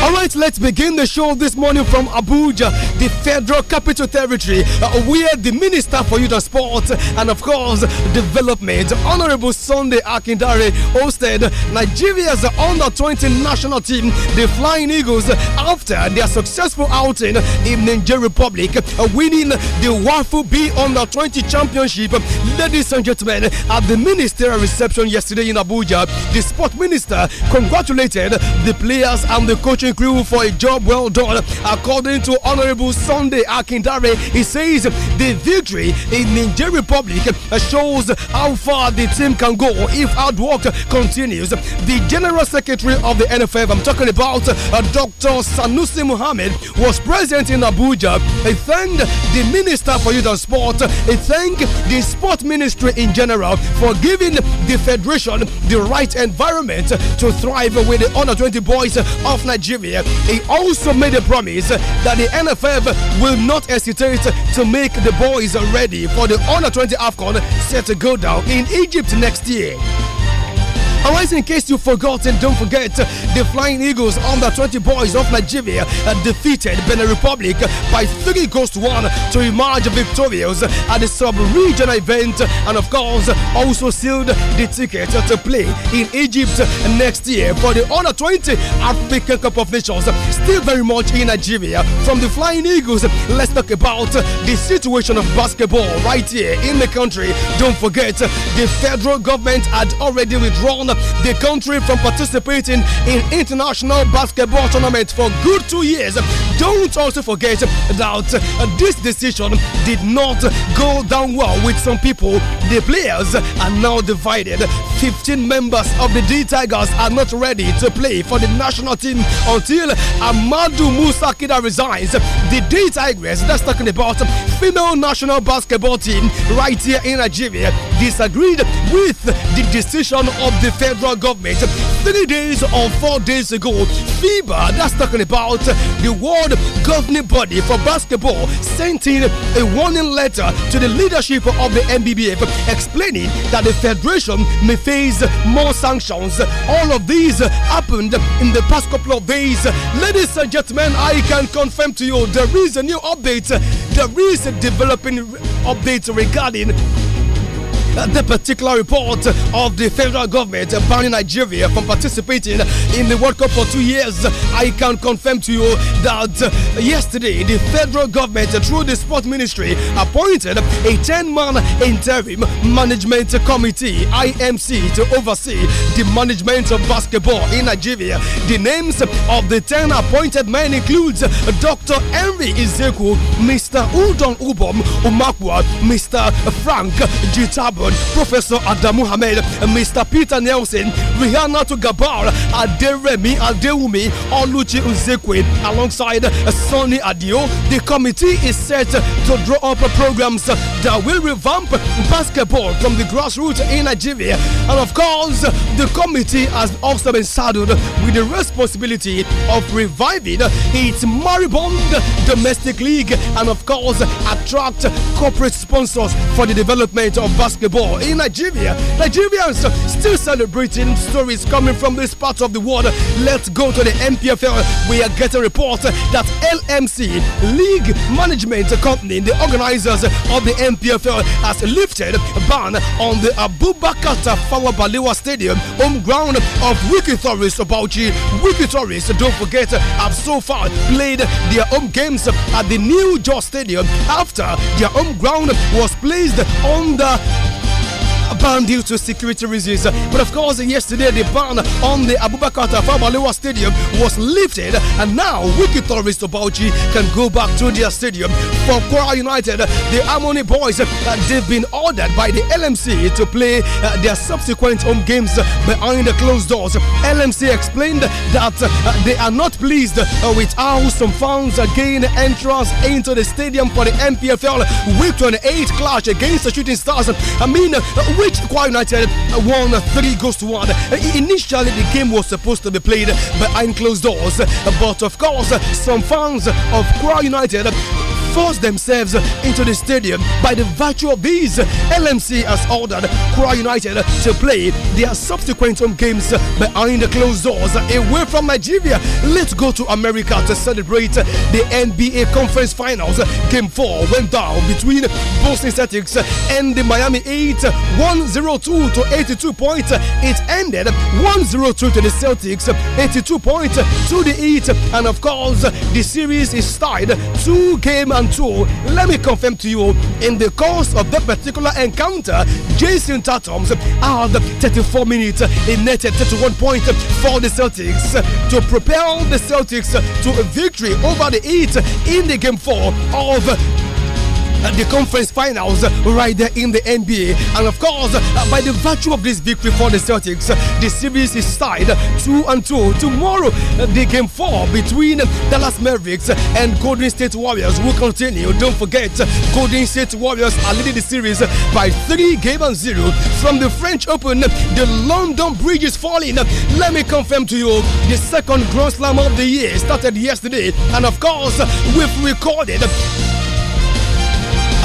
All right, let's begin the show this morning from Abuja, the federal capital territory, uh, where the Minister for Youth and Sport and, of course, Development, Honorable Sunday Akindare, hosted Nigeria's under 20 national team, the Flying Eagles, after their successful outing in Niger Republic, uh, winning the Wafu B under 20 championship. Ladies and gentlemen, at the ministerial reception yesterday in Abuja, the sport minister congratulated the players and the coaches thank for a job well done. According to Honorable Sunday Akindare, he says the victory in Niger Republic shows how far the team can go if hard work continues. The General Secretary of the NFF, I'm talking about uh, Dr. Sanusi Muhammad, was present in Abuja. He thanked the Minister for Youth and Sport. He thanked the Sport Ministry in general for giving the Federation the right environment to thrive with the under 20 boys of Nigeria he also made a promise that the NFF will not hesitate to make the boys ready for the Under 20 AFCON set to go down in Egypt next year. Alright, in case you've forgotten, don't forget the Flying Eagles under 20 boys of Nigeria uh, defeated Benin Republic by three goals to one to emerge victorious at the sub-regional event, and of course also sealed the ticket to play in Egypt next year for the under 20 African Cup of Nations. Still very much in Nigeria. From the Flying Eagles, let's talk about the situation of basketball right here in the country. Don't forget, the federal government had already withdrawn banned the country from participating in international basketball tournament for good two years. Don't also forget that this decision did not go down well with some people. The players are now divided. 15 members of the D Tigers are not ready to play for the national team until Amadou Musakida resigns. The D Tigers, that's talking about female national basketball team right here in Nigeria, disagreed with the decision of the federal government three days or four days ago. FIBA, that's talking about the world governing body for basketball, sent in a warning letter to the leadership of the NBBF explaining that the federation may face more sanctions. All of these happened in the past couple of days. Ladies and gentlemen, I can confirm to you there is a new update. There is a developing update regarding the particular report of the federal government banning Nigeria from participating in the World Cup for two years. I can confirm to you that yesterday the federal government, through the sport ministry, appointed a 10 man interim management committee IMC to oversee the management of basketball in Nigeria. The names of the 10 appointed men include Dr. Henry Izeku, Mr. Udon Ubom Umakwa, Mr. Frank Jitabu. Professor Adam Muhammad, Mr. Peter Nelson, Rihanna to Gabar, Aderemi Adewumi, Oluchi Uzekwe, alongside Sonny Adio. The committee is set to draw up programs that will revamp basketball from the grassroots in Nigeria. And of course, the committee has also been saddled with the responsibility of reviving its moribund domestic league and, of course, attract corporate sponsors for the development of basketball the ball in Nigeria. Nigerians still celebrating stories coming from this part of the world. Let's go to the MPFL. We are getting reports that LMC, League Management Company, the organizers of the MPFL, has lifted ban on the Abubakar Tafawa Balewa Stadium, home ground of Wiki Torres Obauchi. Wiki Torres, don't forget, have so far played their home games at the New York Stadium after their home ground was placed under banned due to security reasons. But of course, yesterday the ban on the Abubakar Tafabalewa Stadium was lifted, and now wicked tourists Bauchi can go back to their stadium. For Kora United, the Harmony Boys, uh, they've been ordered by the LMC to play uh, their subsequent home games behind the closed doors. LMC explained that uh, they are not pleased with how some fans again entrance into the stadium for the MPFL Week 28 clash against the Shooting Stars. I mean, which Kwara United uh, won three goals to one. Uh, initially, the game was supposed to be played behind closed doors, but of course, some fans of Kwara United force themselves into the stadium by the virtue of these. LMC has ordered Kura United to play their subsequent home games behind the closed doors away from Nigeria. Let's go to America to celebrate the NBA Conference Finals. Game 4 went down between Boston Celtics and the Miami 8 102 to 82 points. It ended 102 to the Celtics, 82 points to the 8. And of course, the series is tied two game and two. Let me confirm to you, in the course of that particular encounter, Jason Tatums had 34 minutes, he netted 31 points for the Celtics to propel the Celtics to a victory over the Heat in the game four of the conference finals right there in the NBA. And of course, uh, by the virtue of this victory for the Celtics, uh, the series is tied 2 and 2. Tomorrow, uh, the game 4 between Dallas Mavericks and Golden State Warriors will continue. Don't forget, Golden State Warriors are leading the series by 3 game and 0 from the French Open. The London Bridge is falling. Let me confirm to you, the second Grand Slam of the year started yesterday. And of course, we've recorded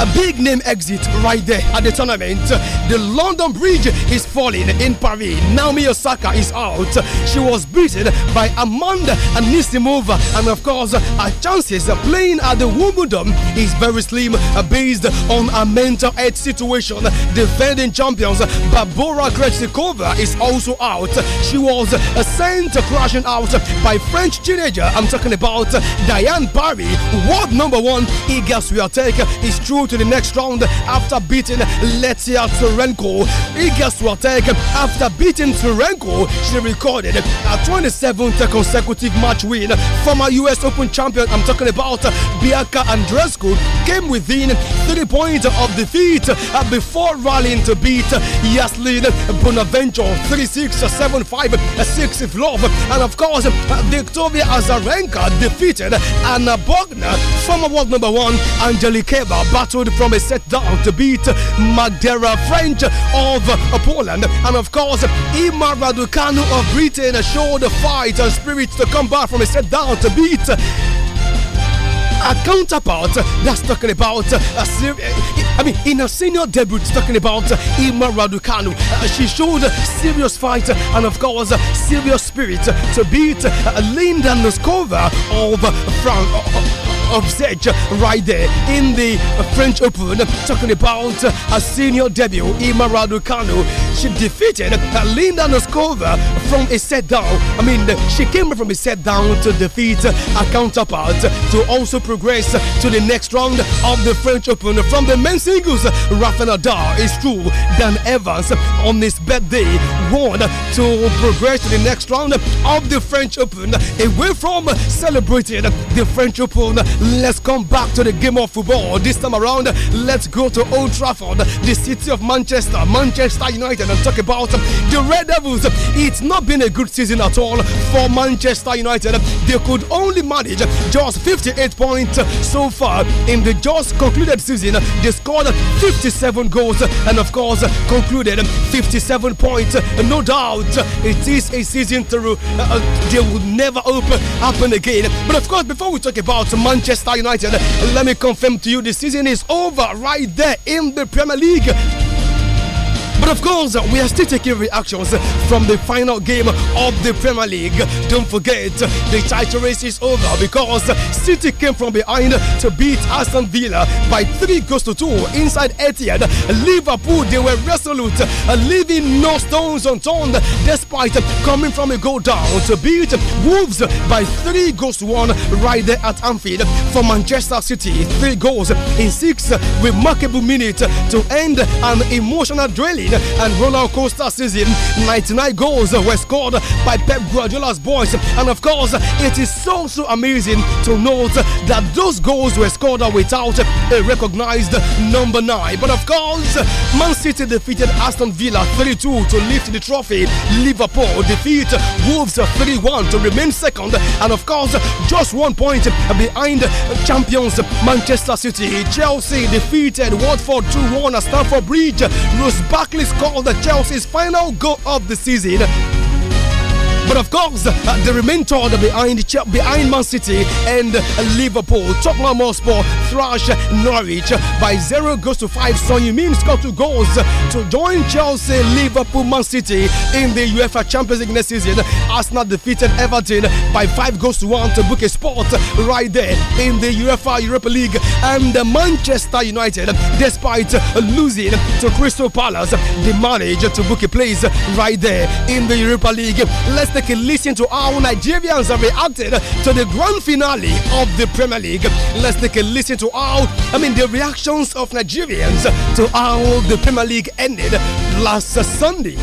a big name exit right there at the tournament. The London Bridge is falling in Paris. Naomi Osaka is out. She was beaten by Amanda Anisimova. And of course, her chances of playing at the Wimbledon is very slim based on her mental health situation. Defending champions Barbora Krejcikova is also out. She was sent crashing out by French teenager. I'm talking about Diane Parry, world number one. Iga Swiatek is true through to the next round after beating Letia Turenko. Iga Swiatek, after beating Turenko, she recorded a 27th consecutive match win. Former US Open champion, I'm talking about Bianca Andrescu, came within three points of defeat before rallying to beat Yaslin Bonaventure 3 6 7 5 6 5 love. And of course, Victoria Azarenka defeated Anna Bogner, former world number one Angelikeva, battle from a set down to beat Magdera French of uh, Poland. And of course, Imar Raducanu of Britain showed the fight and spirit to come back from a set down to beat a counterpart that's talking about uh, a serious. I mean, in her senior debut, talking about uh, Ima Raducanu, uh, she showed serious fight and, of course, serious spirit to beat Linda Noskova of France of Zedge right there in the French Open. Talking about her senior debut, Ima Raducanu. She defeated Linda Noskova from a set down. I mean, she came from a set down to defeat her counterpart to also progress to the next round of the French Open. From the men's singles, Rafael Nadal is true. Dan Evans on his birthday won to progress to the next round of the French Open. Away from celebrating the French Open Let's come back to the game of football. This time around, let's go to Old Trafford, the city of Manchester, Manchester United, and talk about the Red Devils. It's not been a good season at all for Manchester United. They could only manage just 58 points so far in the just concluded season. They scored 57 goals and, of course, concluded 57 points. No doubt it is a season through. Uh, uh they will never open happen again. But, of course, before we talk about Manchester Manchester United. Let me confirm to you the season is over right there in the Premier League. But of course, we are still taking reactions from the final game of the Premier League. Don't forget, the title race is over because City came from behind to beat Aston Villa by three goals to two inside Etihad. Liverpool, they were resolute, leaving no stones unturned despite coming from a goal down to beat Wolves by three goals to one right there at Anfield for Manchester City. Three goals in six remarkable minutes to end an emotional drilling and roller coaster season. 99 goals uh, were scored by Pep Guardiola's boys, and of course, it is so so amazing to note that those goals were scored without a recognized number nine. But of course, Man City defeated Aston Villa 3-2 to lift the trophy. Liverpool defeat Wolves 3 1 to remain second, and of course, just one point behind champions Manchester City. Chelsea defeated Watford 2 1 at Stamford Bridge. Rose back Please call the Chelsea's final goal of the season but of course, uh, the remainder behind behind Man City and Liverpool. Tottenham Hotspur thrash Norwich by zero goals to five. So you mean score two goals to join Chelsea, Liverpool, Man City in the UEFA Champions League next season. Arsenal defeated Everton by five goals to one to book a spot right there in the UEFA Europa League. And Manchester United, despite losing to Crystal Palace, they managed to book a place right there in the Europa League. Let's take a listen to how Nigerians have reacted to the grand finale of the Premier League. Let's take a listen to how, I mean, the reactions of Nigerians to how the Premier League ended last Sunday.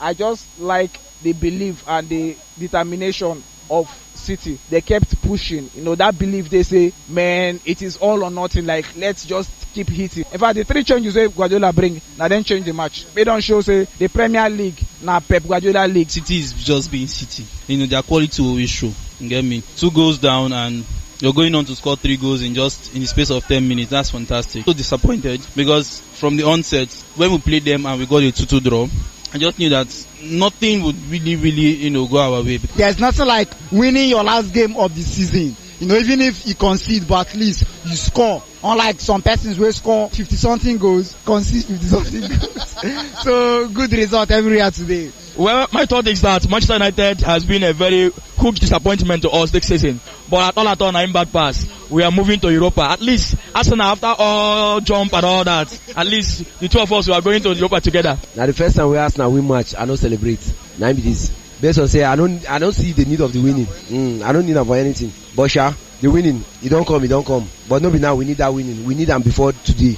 I just like the belief and the determination of City. They kept pushing. You know, that belief they say, man, it is all or nothing. Like, let's just keep hitting in fact the three changes wey guardiola bring na dem change the match wey don show say the premier league na pep guardiola league. city is just being city you know their quality always show you get me two goals down and you're going on to score three goals in just in the space of ten minutes. That's fantastic. So disappointed because from the onset, when we played them and we got a 2-2 draw, I just knew that nothing would really, really, you know, go our way. There's nothing like winning your last game of the season. You know, even if you concede, but at least you score unlike some persons wey score fifty something goals concede fifty something (laughs) goals so good result every year today. Well, my thought is that Manchester United has been a very huge disappointment to us this season. But at all at all, na im back pass. We are moving to Europa. At least Arsenal, after all jump and all that, at least the two of us we are going to Europa together. Na the first time wey Arsenal win match, I no celebrate. Na im be this. Based on say I no I no see the need of the winning. Mm, I no need am for anything. But sha, the winning e don come e don come but no be now we need that winning we need am before today.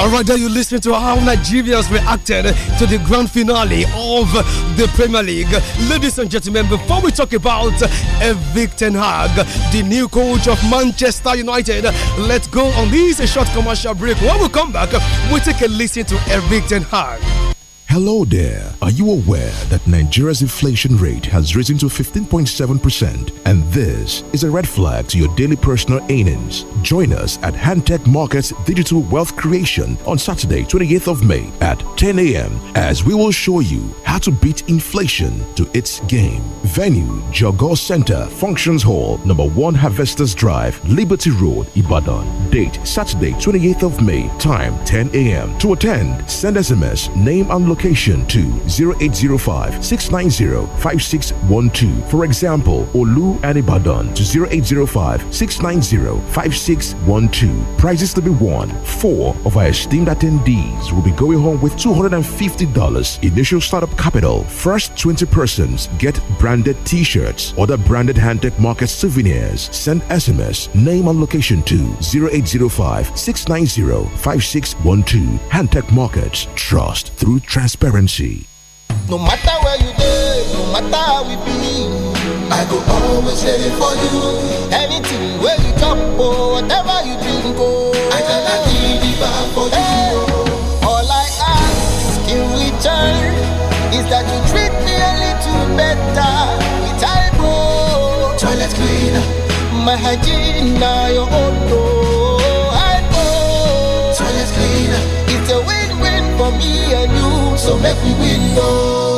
All right, there you listening to how Nigerians reacted to the grand finale of the Premier League. Ladies and gentlemen, before we talk about Evic Ten Hag, the new coach of Manchester United, let's go on this short commercial break. When we come back, we take a listen to Evic Ten Hag. Hello there. Are you aware that Nigeria's inflation rate has risen to 15.7% and this is a red flag to your daily personal earnings? Join us at Hantech Markets Digital Wealth Creation on Saturday, 28th of May at 10 a.m. as we will show you how to beat inflation to its game. Venue Jogos Center Functions Hall, number 1 Harvesters Drive, Liberty Road, Ibadan. Date Saturday, 28th of May, time 10 a.m. To attend, send SMS, name and location location to 0805 690 5612. For example, Olu and Ibadan to 0805 690 5612. Prizes to be won. Four of our esteemed attendees will be going home with $250 initial startup capital. First 20 persons get branded t shirts, other branded handtech market souvenirs. Send SMS, name and location to 0805 690 5612. Handtech Markets. Trust through transparency. No matter where you go, no matter how we be, I go always ready for you. Anything where you or oh, whatever you drink, oh, I deliver for hey. you. Oh. All I ask in return is that you treat me a little better. It's I go. Toilet cleaner, my hygiene, now your own. Oh. so make we win, oh.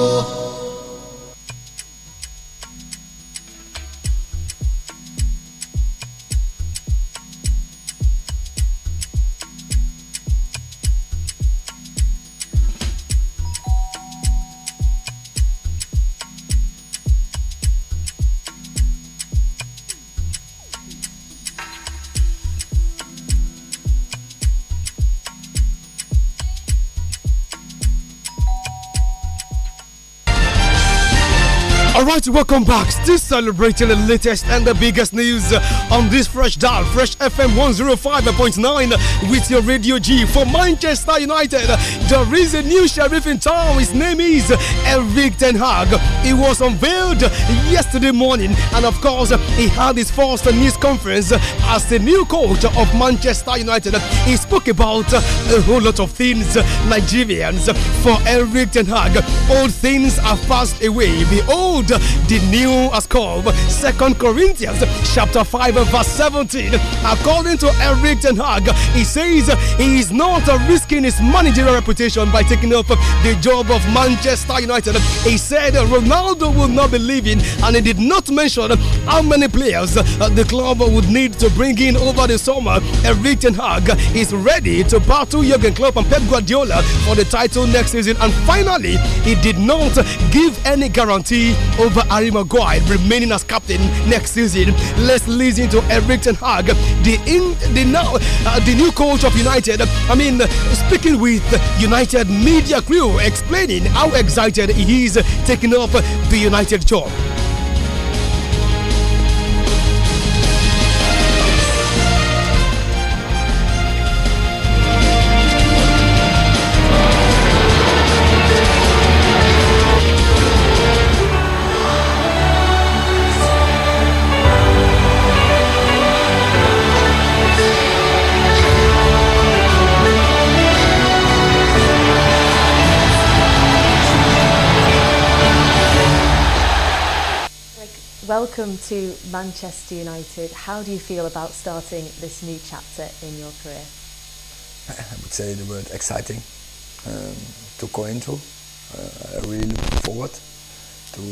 right, welcome back. Still celebrating the latest and the biggest news on this fresh dial, Fresh FM 105.9 with your Radio G for Manchester United. There is a new sheriff in town. His name is Eric Ten Hag. He was unveiled yesterday morning, and of course, he had his first news conference as the new coach of Manchester United. He spoke about a whole lot of things, Nigerians. For Eric Ten Hag, all things are passed away. The old the new has come. Second Corinthians chapter 5 verse 17. According to Eric Ten Hag, he says he is not risking his managerial reputation by taking up the job of Manchester United. He said Ronaldo will not be leaving and he did not mention how many players the club would need to bring in over the summer. Eric Ten Hag is ready to battle Jurgen Klopp and Pep Guardiola for the title next season and finally he did not give any guarantee over over Harry Maguire remaining as captain next season. Let's listen to Eric Ten Hag, the in, the now uh, the new coach of United. I mean, speaking with United media crew, explaining how excited he is taking up the United job. Welcome to Manchester United. How do you feel about starting this new chapter in your career? (laughs) I would say the word exciting um, to go into. Uh, I really look forward to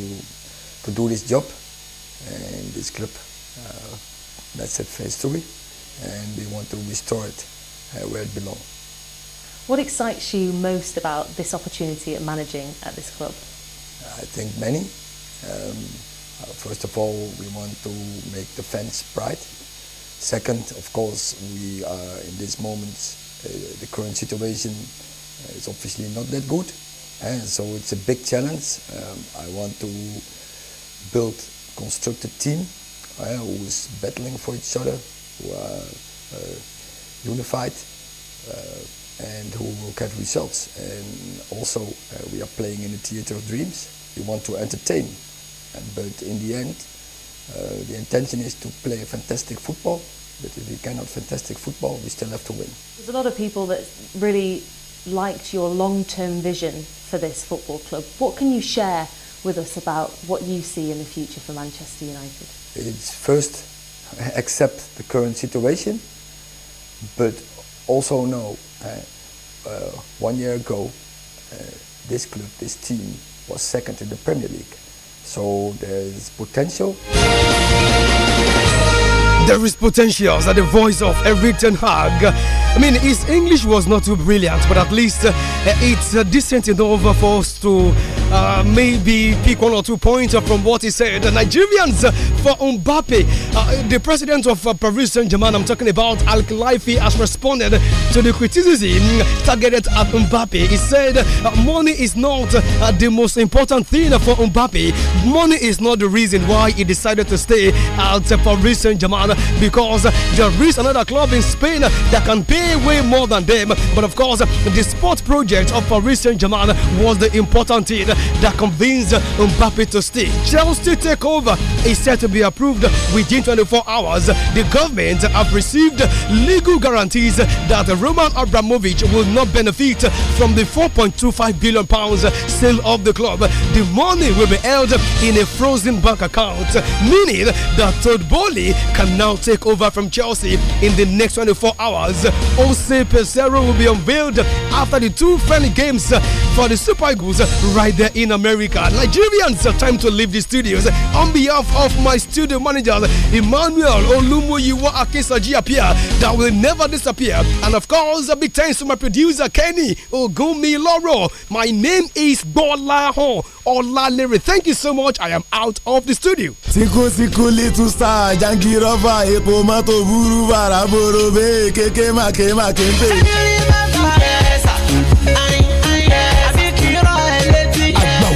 to do this job in this club. Uh, that's a history, and we want to restore it uh, where it belongs. What excites you most about this opportunity at managing at this club? I think many. Um, first of all, we want to make the fans bright. Second, of course, we are uh, in this moment, uh, the current situation uh, is obviously not that good. And eh? so it's a big challenge. Um, I want to build constructed team uh, who is battling for each other, who are uh, unified, uh, and who will get results. And also, we are playing in a theater of dreams. We want to entertain but in the end, uh, the intention is to play fantastic football. But if we cannot fantastic football, we still have to win. There's a lot of people that really liked your long-term vision for this football club. What can you share with us about what you see in the future for Manchester United? It's first (laughs) accept the current situation, but also know uh, uh, one year ago uh, this club, this team was second in the Premier League. So there's potential. There is potential at the voice of Eric Ten Hag. I mean, his English was not too brilliant, but at least uh, it's uh, decent enough for us to uh, maybe pick one or two points from what he said. The Nigerians uh, for Mbappe, uh, the president of uh, Paris Saint Germain, I'm talking about Al Khalifi, has responded to the criticism targeted at Mbappe. He said, Money is not the most important thing for Mbappe. Money is not the reason why he decided to stay at Paris Saint Germain because there is another club in Spain that can pay way more than them. But of course, the sports project of Paris Saint Germain was the important thing that convinced Mbappe to stay. Chelsea takeover is set to be approved within 24 hours. The government have received legal guarantees that Roman Abramovich will not benefit from the 4.25 billion pounds sale of the club. The money will be held in a frozen bank account, meaning that Todd Bowley cannot now take over from Chelsea in the next 24 hours. Jose Pesero will be unveiled after the two friendly games for the Super Eagles right there in America. Nigerians, time to leave the studios. On behalf of my studio managers, Emmanuel Olumuyiwa Akesaji appear that will never disappear. And of course, a big thanks to my producer Kenny Ogumi Loro. My name is Bola Hon Olalere. Thank you so much. I am out of the studio. Tiku tiku little star, fa epo mọ́tò burú bàrà boro bẹ́ẹ̀ kéké màkè màkè ń pè.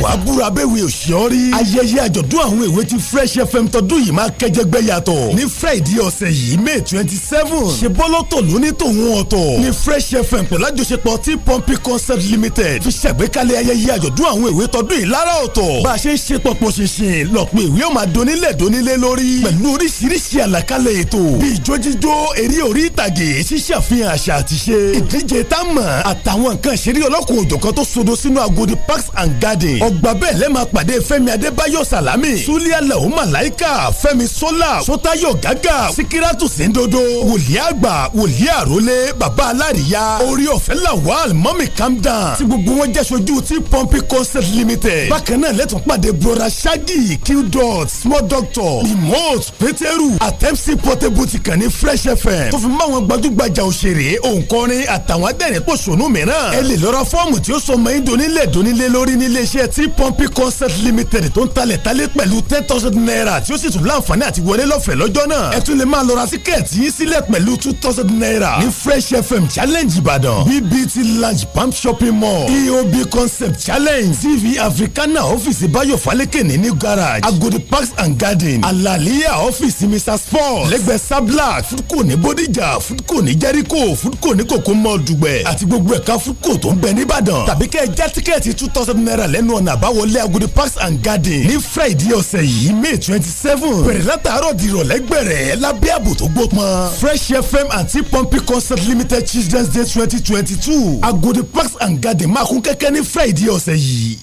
wàá búra bẹ́wẹ̀ òṣìṣẹ́ rí. ayẹyẹ àjọ̀dún àwọn èwe ti fresh fm tọdún yìí máa kẹjẹgbẹ́ yàtọ̀ ní friday ọ̀sẹ̀ yìí may twenty seven ṣe bọ́lọ́tọ̀ lóní tòun ọ̀tọ̀ ní fresh fm pẹ̀lú àjọṣepọ̀ tí pọ́ǹpì concept limited fi ṣàgbékalẹ̀ ayẹyẹ àjọ̀dún àwọn èwe tọdún yìí lára ọ̀tọ̀ bá a ṣe ń ṣe pọ̀pọ̀ ṣinṣin lọ́pọ̀ èwe ó máa donílẹ̀ donílé lórí pẹ̀lú oríṣiríṣi àlàkalẹ̀ ètò bíi jójíjó eré orí ìtàgé ṣíṣe àfihàn àṣà àtiṣe ìdíje táwọn àtàwọn nǹkan ìṣeré ọlọ́kùnrin òjọ̀kan tó sodo sínú Agodi Parks and Garden gbà bẹ́ẹ̀ lẹ́ máa pàdé fẹ́mi adébáyọ̀ sàlámì súlẹ̀ aláwọ̀ màláìkà fẹ́mi sọ́là sọ́tayọ̀ gàgà síkírátù síndodo wòlíì àgbà wòlíì àrólé bàbá alárìíyá orí ọ̀fẹ́ lawal mọ́mì calm down tí gbogbo wọn jẹ́ sojú ti pọ́ǹpì concert limited bákan náà lẹ́tọ̀ọ́ pàdé brora shaggy qdot small doctor remote peteru atẹ́msì portable ti kàn ní fresh fm tó fi mọ́ àwọn gbajúgbajà òṣèré òǹkọrin àtàwọn adẹ́rìn pòṣónú mìíràn ẹ lè lọ́ra fọ́ọ̀mù tí ó sọ mọ́ ẹ́ donílẹ̀ donílẹ̀ lórí níléeṣẹ́ tí Bobby Pumpy Concert Limited tó ń talẹ̀ talẹ̀ pẹ̀lú ten thousand naira tí ó sì tún láǹfààní àti wọlé lọ́fẹ̀ẹ́ lọ́jọ́ náà ẹ tún lè máa lọ ra tíkẹ́ẹ̀tì yín sílẹ̀ pẹ̀lú two thousand naira ní Fresh FM challenge Ìbàdàn BBT lounge pump shopping mall EOB concept challenge TV Africana ọ́fíìsì Báyọ̀ Fálékèní ní garage Agodi Parks and Garden Alaliya ọ́fíìsì Mr Sports lẹ́gbẹ̀ẹ́ Sabla Foodco ní Bódìjà Foodco ní Jẹ́ríkò Foodco ní Kòkó mall Dùgbẹ̀ àti gbogbo ẹ̀ka Foodco tó ń bẹ ní Ìbàdàn tàbí kẹ́ ẹ já tíkẹ́ẹ̀tì two thousand naira lẹ́nu ọ̀nà àbáwọlé agodi parks and garden ní friday ọ̀sẹ̀ yìí may twenty seven bẹ̀rẹ̀ látàárọ̀ di ìrọ̀lẹ́ gbẹ̀rẹ̀ lábẹ́ ààbò tó gbópọn. fresh fm àti pompi concert limited children's day twenty twenty two agodi parks and garden máa kún kẹ́kẹ́ ní friday ọ̀sẹ̀ yìí.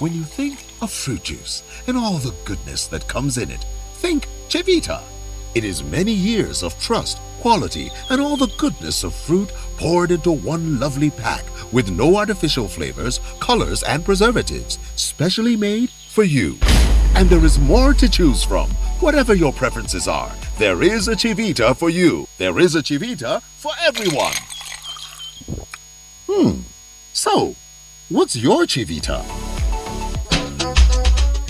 when you think of fruit juice and all the goodness that comes in it think chevita it is many years of trust quality, and all the goodness of fruit poured into one lovely pack with no artificial flavors, colors, and preservatives, specially made for you. And there is more to choose from. Whatever your preferences are, there is a Chivita for you. There is a Chivita for everyone. Hmm. So, what's your Chivita?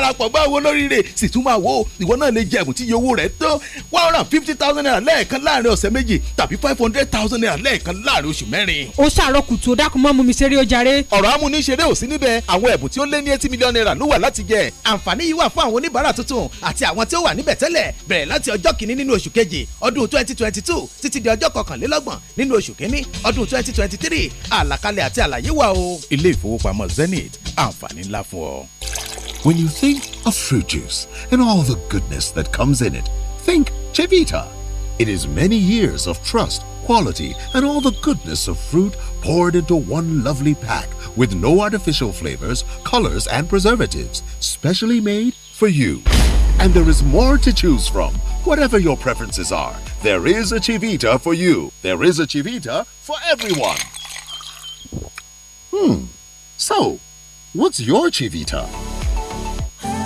darapọ̀ bá owó lóríire sì tún máa wo ìwọ náà lè jẹ ẹ̀bùn tí iye owó rẹ̀ tó one hundred and fifty thousand naira lẹ́ẹ̀kan láàrin ọ̀sẹ̀ méjì tàbí five hundred thousand naira lẹ́ẹ̀kan láàrin oṣù mẹ́rin. ó ṣàárọ̀ kùtù dákun mọ́ mú ṣeré ó ọ̀rọ̀ amúniṣeré ò sí níbẹ̀ àwọn ẹ̀bùn tí ó lé ní eighty million naira ló wà láti jẹ. àǹfààní yìí wà fún àwọn oníbàárà tuntun àti àwọn tí ó wà níbẹ̀ tẹ́lẹ̀ bẹ̀rẹ̀ láti ọjọ́ kìíní nínú oṣù kejì ọdún twenty twenty two títí di ọjọ́ kọkànlélọ́gbọ̀n nínú oṣù kìíní ọdún twenty twenty three àlàkalẹ̀ àti àlàyé wà o. ilé ìfowópamọ́ Zenith àǹfààní ńlá fún ọ. when you think Think of fruit juice and all the goodness that comes in it. Think Chevita. It is many years of trust, quality, and all the goodness of fruit poured into one lovely pack with no artificial flavors, colors, and preservatives, specially made for you. And there is more to choose from. Whatever your preferences are, there is a Chivita for you. There is a Chivita for everyone. Hmm. So, what's your Chivita?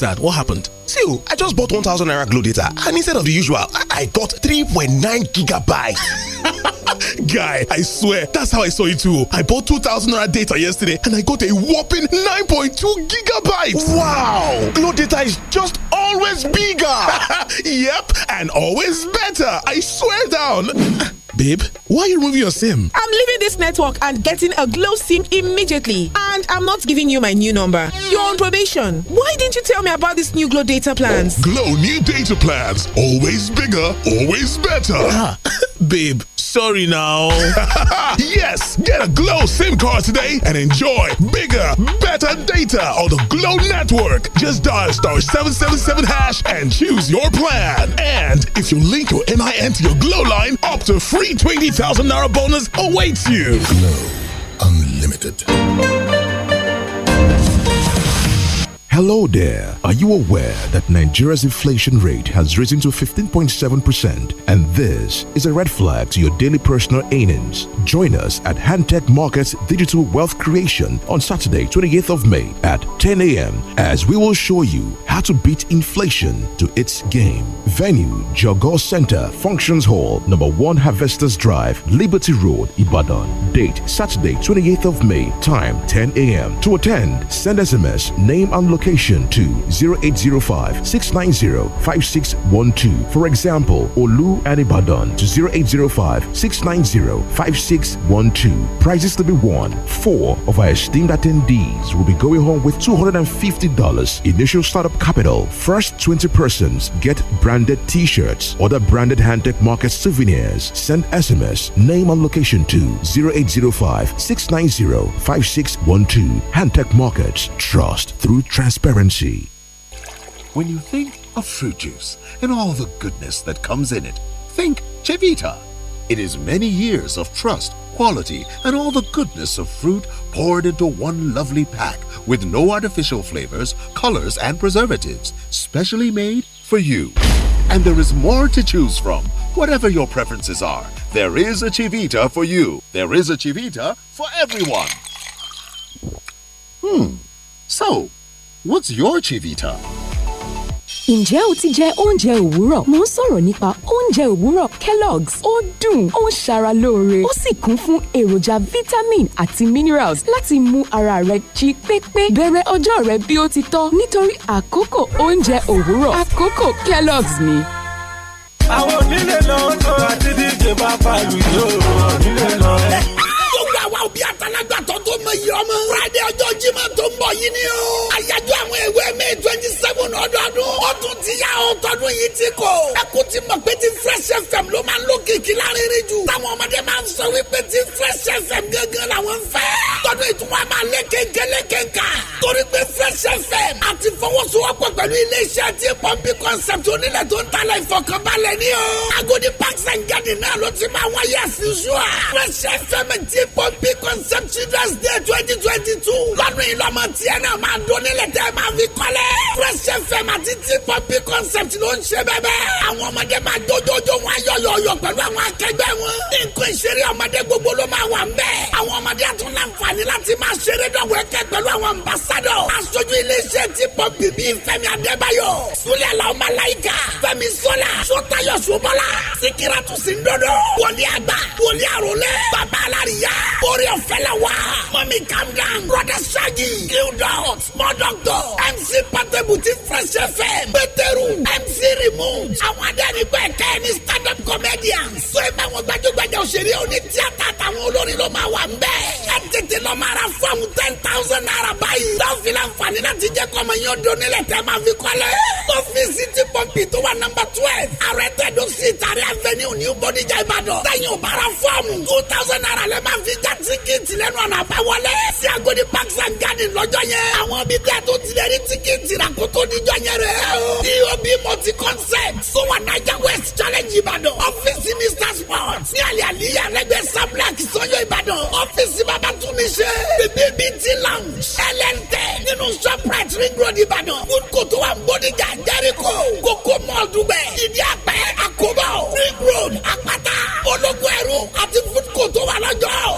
that? What happened? See, oh, I just bought 1000 Naira Glow data and instead of the usual, I, I got 3.9 gigabytes. (laughs) Guy, I swear, that's how I saw it too. I bought 2000 Naira data yesterday and I got a whopping 9.2 gigabytes. Wow! Glow data is just always bigger. (laughs) (laughs) yep, and always better. I swear down. Babe, why are you removing your SIM? I'm leaving this network and getting a Glow SIM immediately. And I'm not giving you my new number. You're on probation. Why didn't you tell me about this new Glow data plans? Oh, Glow new data plans. Always bigger, always better. Ah, (laughs) babe, sorry now. (laughs) yes, get a Glow SIM card today and enjoy bigger, better data on the Glow network. Just dial star 777 hash and choose your plan. And if you link your NIN to your Glow line, up to free 20,000 thousand dollar bonus awaits you. Glow Unlimited. Hello there. Are you aware that Nigeria's inflation rate has risen to 15.7% and this is a red flag to your daily personal earnings? Join us at Hantech Markets Digital Wealth Creation on Saturday, 28th of May at 10 a.m. as we will show you how to beat inflation to its game. Venue Jogos Center Functions Hall, number 1 Harvesters Drive, Liberty Road, Ibadan. Date Saturday, 28th of May, time 10 a.m. To attend, send SMS, name and location Location to 0805 690 5612. For example, Olu and Ibadan to 0805 690 5612. Prizes to be won. Four of our esteemed attendees will be going home with $250 initial startup capital. First 20 persons get branded t shirts, other branded handtech market souvenirs. Send SMS, name and location to 0805 690 5612. Handtech Markets. Trust through transaction transparency. When you think of fruit juice and all the goodness that comes in it, think Chevita. It is many years of trust, quality, and all the goodness of fruit poured into one lovely pack with no artificial flavors, colors, and preservatives, specially made for you. And there is more to choose from. Whatever your preferences are, there is a Chivita for you. There is a Chivita for everyone. Hmm. So, What's your chivita? Ǹjẹ́ o ti jẹ oúnjẹ òwúrọ̀? Mo ń sọ̀rọ̀ nípa oúnjẹ òwúrọ̀ Kellogg's. Ó dùn, ó ń ṣara lóore, ó sì kún fún èròjà vitamin àti minerals láti mú ara rẹ jí pépé. Bẹ̀rẹ̀ ọjọ́ rẹ bí ó ti tọ́ nítorí àkókò oúnjẹ òwúrọ̀. Àkókò Kellogg's ni. Àwọn onílé lọ tó àti díje bá balùwẹ̀ yóò onílé lọ bí àtàlágbàtọ́ tó mọ iye ọmọ. friday ọjọ́ jimá tó ń bọ̀ yìí ni o. àyájọ́ àwọn ìwé may twenty seven ọdọọdún. ó tún ti yá ọ tọdún yìí ti kò. ẹ ti mọ̀ pé ti fresh fm ló máa ń lo kìkì lárinrin jù. táwọn ọmọdé máa ń sọ wípé ti fresh fm gángan làwọn ń fẹ́. tọdún ìtumọ̀ máa lé kéńkéńlé torí pé fresh fm àti fọwọ́sowọ́pọ̀ pẹ̀lú iléeṣẹ́ ti pọ́ǹpì concept conception dress day twenty twenty two lọ́dún yìí lọ́mọ tiẹ̀ náà máa dún nílẹ̀ tẹ́ máa fi kọ́lé. fresh fm àti tí pọ́pì concept ló ń ṣe bẹ́ẹ̀ bẹ́ẹ̀. àwọn ọmọdé máa jójójó wọn ayọ̀yọ̀yọ̀ pẹ̀lú àwọn akẹgbẹ́ wọn. nǹkan ìṣeré ọmọdé gbogbo ló máa wà ń bẹ́ẹ̀. àwọn ọmọdé àtún láǹfààní láti máa ṣeré dọ̀wẹ́kẹ́ pẹ̀lú àwọn ambassadọ̀. aṣojú iléeṣẹ́ tí pọ́pì bíi fẹ́mi adébáyọ̀ sulẹ̀ làwọn malayika fẹ́mi sọ́la sọ́tayọ̀ sọ́bọ́lá sikiratu sindọ́dọ̀ wọlé àgbà wọlé àròlé bàbá alárìíyá orí your fellow Mommy, calm down. Brother Shaggy. Kill Dot. Small Doctor. MC Patebuti Fresh FM. Peteru. MC Remote. Àwọn adẹ́rìnpẹ̀ kẹ́ ni stand-up comedian. So comedians. Sọ ẹ̀ bá wọn gbajúgbajà òṣèré you need àtàwọn olórin ló máa wà nbẹ. Ẹ tètè lọ máa ra fọ́ọ̀mù ten thousand naira báyìí. Láfi láǹfààní láti jẹ́ kọ́ ọmọ yẹn ọdún nílẹ̀ tẹ́ máa fi kọ́lẹ̀. Ọ́fíìsì ti pọ́ǹpì tó wà nọ́mbà twelve. Ààrẹ tẹ̀dó sí ìtàrí avenue New body jai bado. ò you. fọ́ọ̀mù two thousand naira Let máa fi já sí tíkìtì lẹ́nu ọ̀nà àbáwọlé sí Agodi parks and gardens lọ́jọ́ yẹn. àwọn bí tí a tó ti lè rí tíkìtì rà kó tó níjọ́ yẹn rẹ̀ o. dob multi concept sowa naija west challenge Ibadan. ọ́fíìsì mr sports ní àlẹ́ àlíyà lẹ́gbẹ́ sablak sọ́yọ́ Ìbàdàn ọ́fíìsì babatunmi ṣe bbbt lounge lnt nínú shoprite ring road Ìbàdàn food court wa Bódìjà Jericho. kókó mall Dùgbẹ̀ ìdí àpẹ́ àkóbọ̀ ring road àpáta ológun ẹ̀rú àti food court wa lọ́jọ́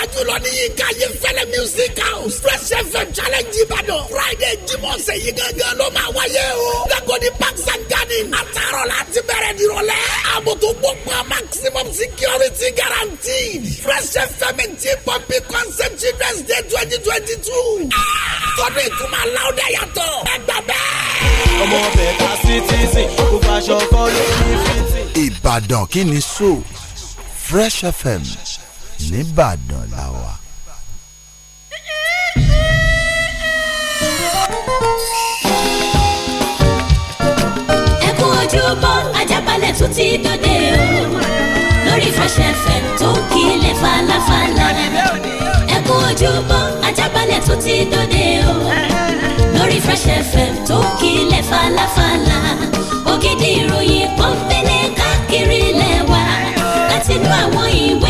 dáa jùlọ ní yìí ká yẹ fẹlẹ music house fresh fm challenge ìbàdàn friday jimoh sèyí gángan ló máa wáyé o lagodi parks and garden àtàrọ̀ láti bẹ̀rẹ̀ nírọ̀lẹ́ àbùtù gbogbo maximum security guaranteed fresh fm ti pọmpi concept children's day twenty twenty two ah! tọdún ìtumọ̀ aláwọ̀dẹ yàtọ̀ ẹgbà bẹ́ẹ̀. ọmọ bẹẹ ká citizen kó fàṣọ kọ́ ló ní fìtì. ìbàdàn kí ni so fresh fm nìbàdàn la wà. ẹkún ojúbọ ajábalẹ̀ tún ti dòde o lórí Fresh FM tó ń kílẹ̀ falafala ẹkún ojúbọ ajábalẹ̀ tún ti dòde o lórí Fresh FM tó ń kílẹ̀ falafala ògidì ìròyìn pọ́npẹ́lẹ́ káàkiri lẹ́wà látinú àwọn ìwé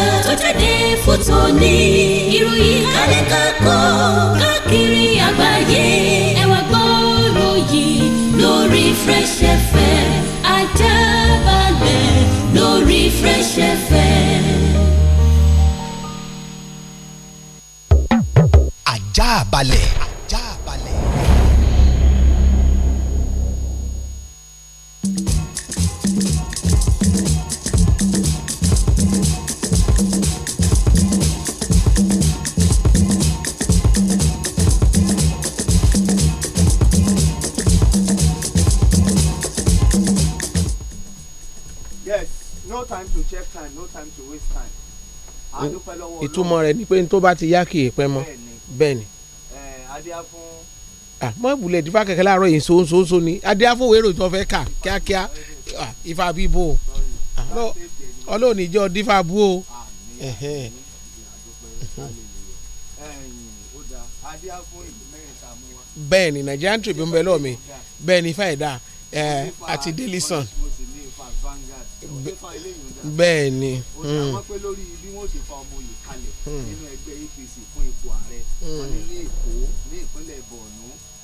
fún tòní. ìròyìn kálẹ̀ kakọ́ káàkiri àgbáyé. ẹ wá gbọ́rọ̀ yìí lórí Fresh FM ajá balẹ̀ lórí Fresh FM. ajá balẹ̀. check time no time to waste time. àdúpẹ́ lọ́wọ́ ọlọ́run ìtumọ̀ rẹ̀ ni pé n tó bá ti yá kì í pẹ́ mọ́ bẹ́ẹ̀ ni. ẹ adíá fún. àmọ́ ìbùlẹ̀ ìdífà kẹ̀kẹ́ láàárọ̀ yìí ṣoṣoṣo ni adíá fún wérò tó fẹ́ kà kíákíá ìfà bíbò ọlọ́ọ̀ni ìjọ dífà bú o. bẹ́ẹ̀ ni Nigerian Tribune ń bẹ lọ́ọ̀ mi bẹ́ẹ̀ ni fàyẹ̀dá àti Daily Sun bẹ́ẹ̀ ni. ó dáwọ́ hmm. pé lórí bí wọ́n ṣe fa ọmọ yìí kalẹ̀ hmm. nínú ẹgbẹ́ APC fún ipò ààrẹ hmm. wọ́n ní ní Èkó ní ìpínlẹ̀ Borno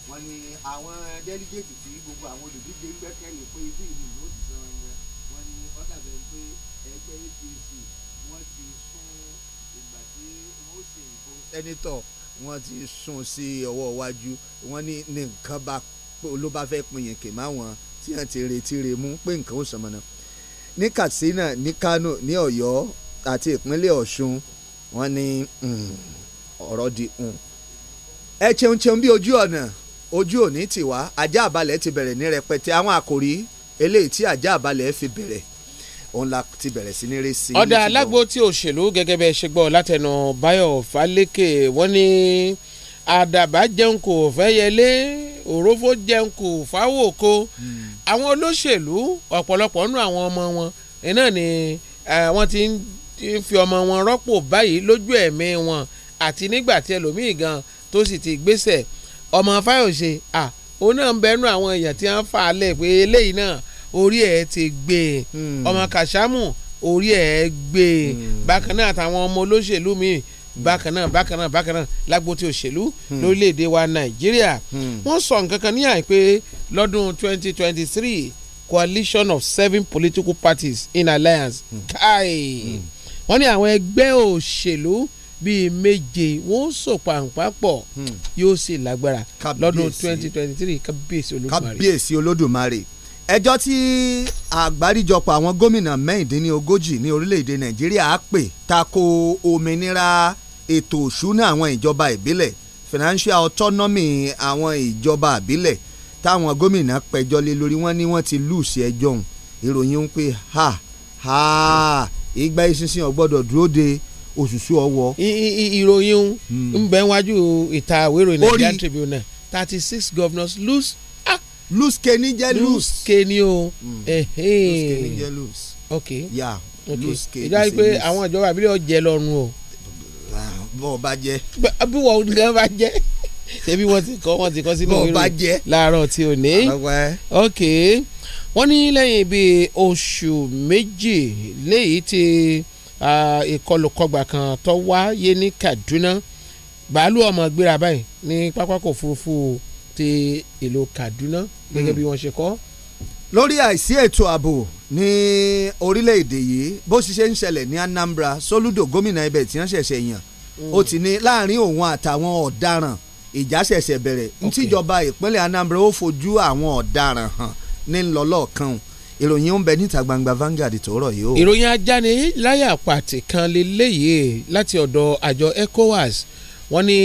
wọ́n ní àwọn délígéètì tí gbogbo àwọn olùdíje ń gbẹ́kẹ̀lé pé ibi ìlú ló ti sọ̀rọ̀ yẹn wọ́n ní ó dàbẹ̀ pé ẹgbẹ́ APC wọ́n ti sún ìgbà tí wọ́n ṣe ìbò sẹ́nitọ̀ wọ́n ti sún sí ọwọ́ iwájú wọ́n ní nǹkan ló bá fẹ́ pinyìnkè máwọn tí wọ́n ti retí re mú pé nǹkan ó sọmọ náà ní Katsina ní Kano ní Ọ̀yọ́ àti ìpínlẹ̀ Ọ̀ṣun wọ́n ní hmm, ọ̀rọ̀ di un. Hmm. ẹ cheun cheun bí ojú ọ̀nà ojú òní tiwa ajá àbálẹ̀ ti bẹ̀rẹ̀ ní rẹpẹtẹ àwọn àkòrí eléyìí tí ajá àbálẹ̀ fi bẹ̀rẹ̀ òun la ti bẹ̀rẹ̀ sí ní resi. ọ̀dà alágbó tí òṣèlú gẹ́gẹ́ bẹ́ẹ̀ ṣe gbọ́ látẹnu Báyọ̀ Fálékè wọ́n ní àdàbà jẹun kò fẹ́ yẹlé òrófó jẹun kò fáwọ́ òko hmm. àwọn olóṣèlú ọ̀pọ̀lọpọ̀ nínú àwọn ọmọ wọn iná ni wọ́n ti ń fi ọmọ wọn rọ́pò báyìí lójú ẹ̀mí wọn àti nígbà tí ẹlòmíì gan tó sì ti gbéṣẹ̀ ọmọ Fáyọ̀ṣe à òun náà ń bẹnu àwọn èèyàn tí wọ́n fà á lẹ̀ pé eléyìí náà orí ẹ̀ ti gbé hmm. ọmọ Kàṣámù orí ẹ̀ gbé hmm. bákan náà àtàwọn ọmọ olóṣèlú míì bákan náà bákan náà bákan náà lágbo tí òṣèlú hmm. lórílẹ̀‐èdè wa nàìjíríà hmm. wọ́n sọ nǹkan kan ní àìpé lọ́dún twenty twenty three coalition of seven political parties in alliance hmm. káì wọ́n ní àwọn ẹgbẹ́ òṣèlú bíi méje wọ́n sò pàǹpàpọ̀ yóò sì lágbára lọ́dún twenty twenty three kábíyèsí olódùmarè. kábíyèsí olódùmarè ẹjọ́ tí àgbáríjọpọ̀ àwọn gómìnà mẹ́rìndínlógójì ní orílẹ̀‐èdè nàìjíríà pè tako òmìnira ètò òṣùná àwọn ìjọba ìbílẹ̀ financial autonomy àwọn ìjọba ìbílẹ̀ táwọn gómìnà pẹjọ́ lé lórí wọn ni wọ́n ti lùsì ẹjọ́ òun ìròyìn ń pè ha ha ìgbà ìsinsin ọ̀gbọ́dọ̀ dúró de òṣùṣù ọwọ́. ìròyìn hmm. ń bẹ wájú ìta àwérò Nigerian Tribune thirty six governors lose loose keni jẹ Lose loose keni o. Hmm. Eh, loose eh. keni jẹ loose. ok. ya yeah. okay. loose ìdájọ́ pé àwọn ìjọba àbílẹ̀ ọ̀jẹ̀ lọ́rùn o bọ́ọ̀ bá jẹ́. bí wọ́n gan bá jẹ́ ṣebí wọ́n ti kọ́ wọ́n ti kọ́ sínú ìròyìn láàárọ̀ tí ò ní. ok wọ́n ní lẹ́yìn bíi oṣù méjì léyìí tí ìkọlùkọgbà kan tó wáyé ní Kaduna bàálù ọmọ gbéra báyìí ní pápákọ̀ òfurufú ti ìlú Kaduna gẹ́gẹ́ hmm. bí wọ́n ṣe kọ́. lórí àìsí ètò ààbò ní orílẹ̀-èdè yìí bó ṣiṣẹ́ ń ṣẹlẹ̀ ní Anambra Soludo gómìnà ibẹ̀ tí wọ́n ṣẹ̀ṣẹ̀ yàn Mm. ó ti ní láàrin òun àtàwọn ọ̀daràn ìjà ṣẹ̀ṣẹ̀ bẹ̀rẹ̀ ntíjọba ìpínlẹ̀ Anambra ó fojú àwọn ọ̀daràn hàn ní lọ́lọ́ọ̀kan ìròyìn ń bẹ níta gbangba Vanguard tòórọ̀ yìí o. ìròyìn ajáni láyà pàtì kan lélẹ́yìí láti ọ̀dọ̀ àjọ ECOWAS wọ́n ní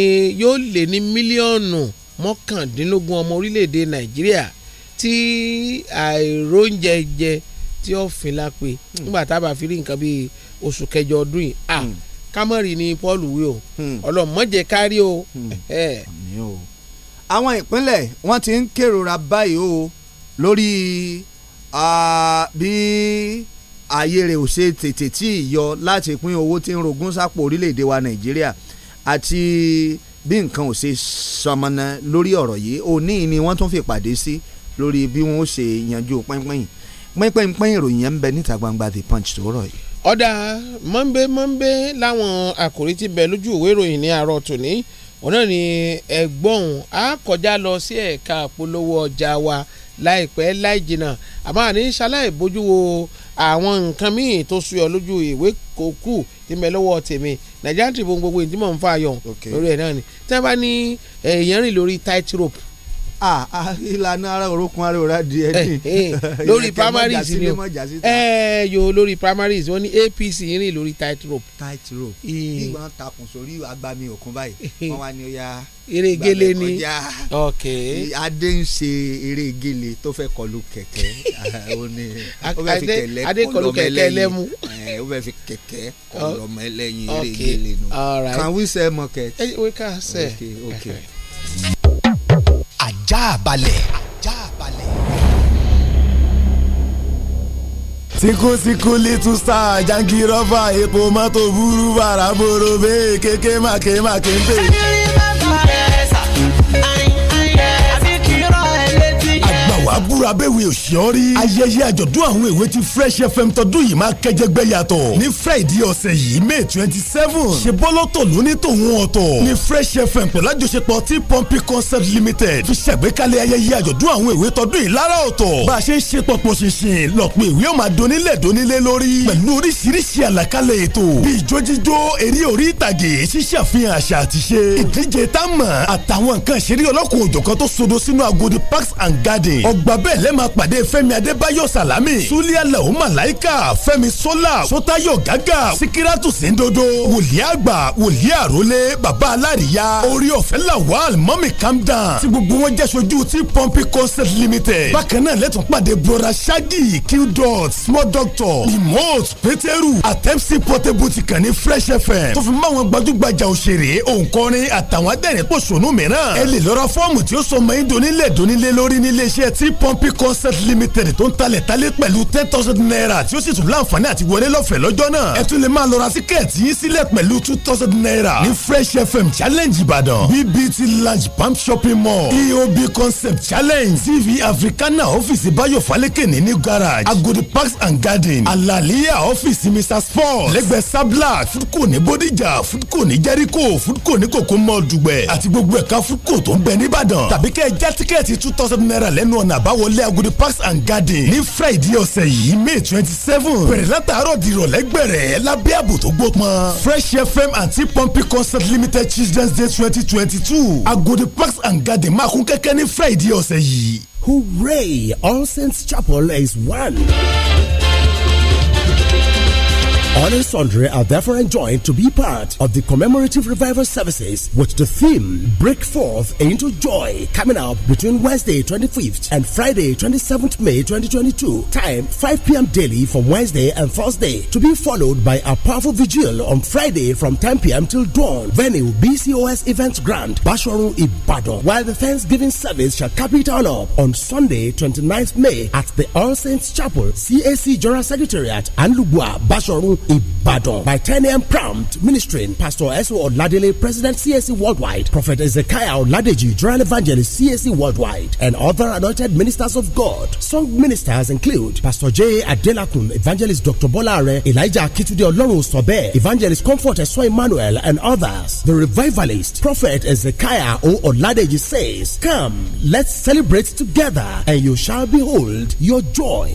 yóò lé ní mílíọ̀nù mọ́kàndínlógún ọmọ orílẹ̀-èdè Nàìjíríà tí àìróúnjẹ jẹ tí ó fin lápè hmm. nígbà tá a bá fi rí nǹkan bíi oṣù kẹjọ ọdún yìí hmm kámọ́rì ni Paul wí o hmm. ọlọ́mọdé kárí hmm. o. àwọn ìpínlẹ̀ wọ́n ti ń kérora báyìí o lórí bí ààyè rẹ̀ ò ṣe tètè tí ì yọ láti pín owó tí ń rogún sápò orílẹ̀-èdè wa Nàìjíríà àti bí nǹkan ò ṣe sọmọnà lórí ọ̀rọ̀ yìí òní ni wọ́n tún fi pàdé sí lórí bí wọ́n ó ṣe yanjú pínpín pínpín pínpín ìròyìn yẹn ń bẹ níta gbangba The Punch tó rọ̀ yìí ọ̀dà mọ́ńbé mọ́ńbé láwọn àkòrí ti bẹ̀ lójú ìwé ìròyìn ní àárọ̀ tòní òun náà ni ẹ̀gbọ́n a kọjá lọ sí ẹ̀ka àpolówó ọjà wa láìpẹ́ láì jìnnà àmọ́ àní ṣaláì bójú wo àwọn nǹkan míì tó suyọ lójú ìwé kòkù tí mbẹ lọ́wọ́ tèmi Nigerian Tribune gbogbo ìdí mọ̀ ayọ̀ lórí ẹ̀ náà ni tí wọ́n bá ní èèyàn lórí tight rope ìlànà ara òrókun ara òra di ẹni. Eh, eh, (laughs) lórí primaries ni o eh, yo lórí primaries wọn ní APC rìn lórí tight rope. tight rope bí wọn takùn sórí agbami òkun báyìí wọn wá ní ọyà erégele ni ok adé ń ṣe erégele tó fẹ́ kọlu kẹ̀kẹ́ (laughs) ó ní ó fẹ́ fi kẹ̀lẹ́ kọlọmọ ẹlẹ́yin ó fẹ́ fi kẹ̀kẹ́ kọlọmọ ẹlẹ́yin erégele nù can we sell market. we can sell. okay okay. (laughs) ajá balẹ̀. ajá balẹ̀. síkúsíkú little star jangirọ́fà epo mọ́tò burú bàrà boro bẹ́ẹ̀ kékèmàkémàkéńpé. abẹ́wé òṣìṣẹ́ rí. ayẹyẹ àjọ̀dún àwọn èwe ti fresh fm tọdún yìí máa kẹjẹgbẹ́ yàtọ̀ ní friday ọ̀sẹ̀ yìí may twenty seven ṣe bọ́lọ́tọ̀ lóní tòun ọ̀tọ̀ ní fresh fm pẹ̀lú àjọṣepọ̀ tí pọ́ǹpì concept limited fi ṣàgbékalẹ̀ ayẹyẹ àjọ̀dún àwọn èwe tọdún yìí lára ọ̀tọ̀ bá a ṣe ń ṣe pọ̀pọ̀ ṣinṣin lọ́pọ̀ ìwé ọ̀ma donílẹ̀ donílé lórí pẹ̀lú oríṣiríṣi àlàkalẹ̀ ètò bíi jójíjó eré orí ìtàgé ṣíṣe àfihàn àṣà àtiṣe ìdíje táwọn àtàwọn nǹkan ìṣeré ọlọ́kùnrin òjọ̀kan tó sodo sínú Agodi Parks and Garden ọgbà bẹ́ẹ̀ ìrọ̀lẹ́ máa pàdé fẹ́mi adébáyọ̀ sàlámì súlíàlà ó màláìkà fẹ́mi sọ́là sọ́tayọ̀ gágà síkírátù síndodo wòlíì àgbà wòlíì àrólé bàbá alárìíyá orí ọ̀fẹ́ lawal mọ́mì calm down tí gbogbo wọn jẹ́ sojú ti pọ́ǹpì concert limited bákan náà lẹ́tọ̀ọ́ pàdé bọ́ra ṣáàgì qdot small doctor remote pétérù àtẹ́msì portable ti kàn ní fresh fm tó fi mọ́ àwọn gbajúgbajà òṣèré òǹkọrin àtàwọn adẹ́rìn pòṣónú mìíràn ẹ lè lọ́ra fọ́ọ̀mù tí ó sọ mọ́ ẹ́ donílẹ̀ donílẹ̀ lórí níléeṣẹ́ ti pọ́ǹpì concert limited tó ń talẹ̀ talẹ̀ pẹ̀lú ten thousand naira tí ó sì tún láǹfààní àti wọlé lọ́fẹ̀ẹ́ lọ́jọ́ náà ẹ tún lè máa lọ ra tíkẹ́ẹ̀tì yín sílẹ̀ pẹ̀lú two thousand naira ní fresh fm challenge ìbàdàn bbt lounge palm shopping mall eob concept challenge tv africana ọ́fíìsì báyọ̀ falẹ́kẹ̀ni ní garage agodi parks and garden alaliya ọ́fíìsì mr sport lẹ́gbẹ̀ẹ́ sabla foodco ní bodijà foodco ní jericho foodco ní kòkó mall dùgbẹ̀ àti gbogbo ẹ̀ka foodco tó ń bẹ níbàdàn tàbí kẹ́ ẹ já tíkẹ́ẹ̀tì two thousand naira lẹ́nu ọ̀nà àbáwọlé ilé agodi parks and garden ní friday ọ̀sẹ̀ yìí may twenty seven bẹ̀rẹ̀ látàárọ̀ di ìrọ̀lẹ́ gbẹ̀rẹ̀ lábẹ́ ààbò tó gbópọn fresh fm àti pompi concert limited children's day twenty twenty two agodi parks and garden máa kún kẹ́kẹ́ ní friday ọ̀sẹ̀ yìí. hooray all saints chapel is one. All and sundry are therefore enjoined to be part of the commemorative revival services with the theme Break Forth into Joy coming up between Wednesday 25th and Friday 27th May 2022. Time 5 p.m. daily from Wednesday and Thursday to be followed by a powerful vigil on Friday from 10 p.m. till dawn. Venue BCOS Events Grand, Bashoru Ibadan. While the Thanksgiving service shall cap it all up on Sunday 29th May at the All Saints Chapel, CAC General Secretariat and Lugua, Bashoru Ibadan. By 10 a.m. prompt, ministering Pastor S.O. Oladele, President CSC Worldwide, Prophet Ezekiah Oladeji, General Evangelist CSC Worldwide, and other anointed ministers of God. Song ministers include Pastor J. Adelakun, Evangelist Dr. Bolare, Elijah Kitude, Olorun Sobe, Evangelist Comfort S.O. Emmanuel, and others. The revivalist, Prophet Ezekiah O. Oladeji says, Come, let's celebrate together, and you shall behold your joy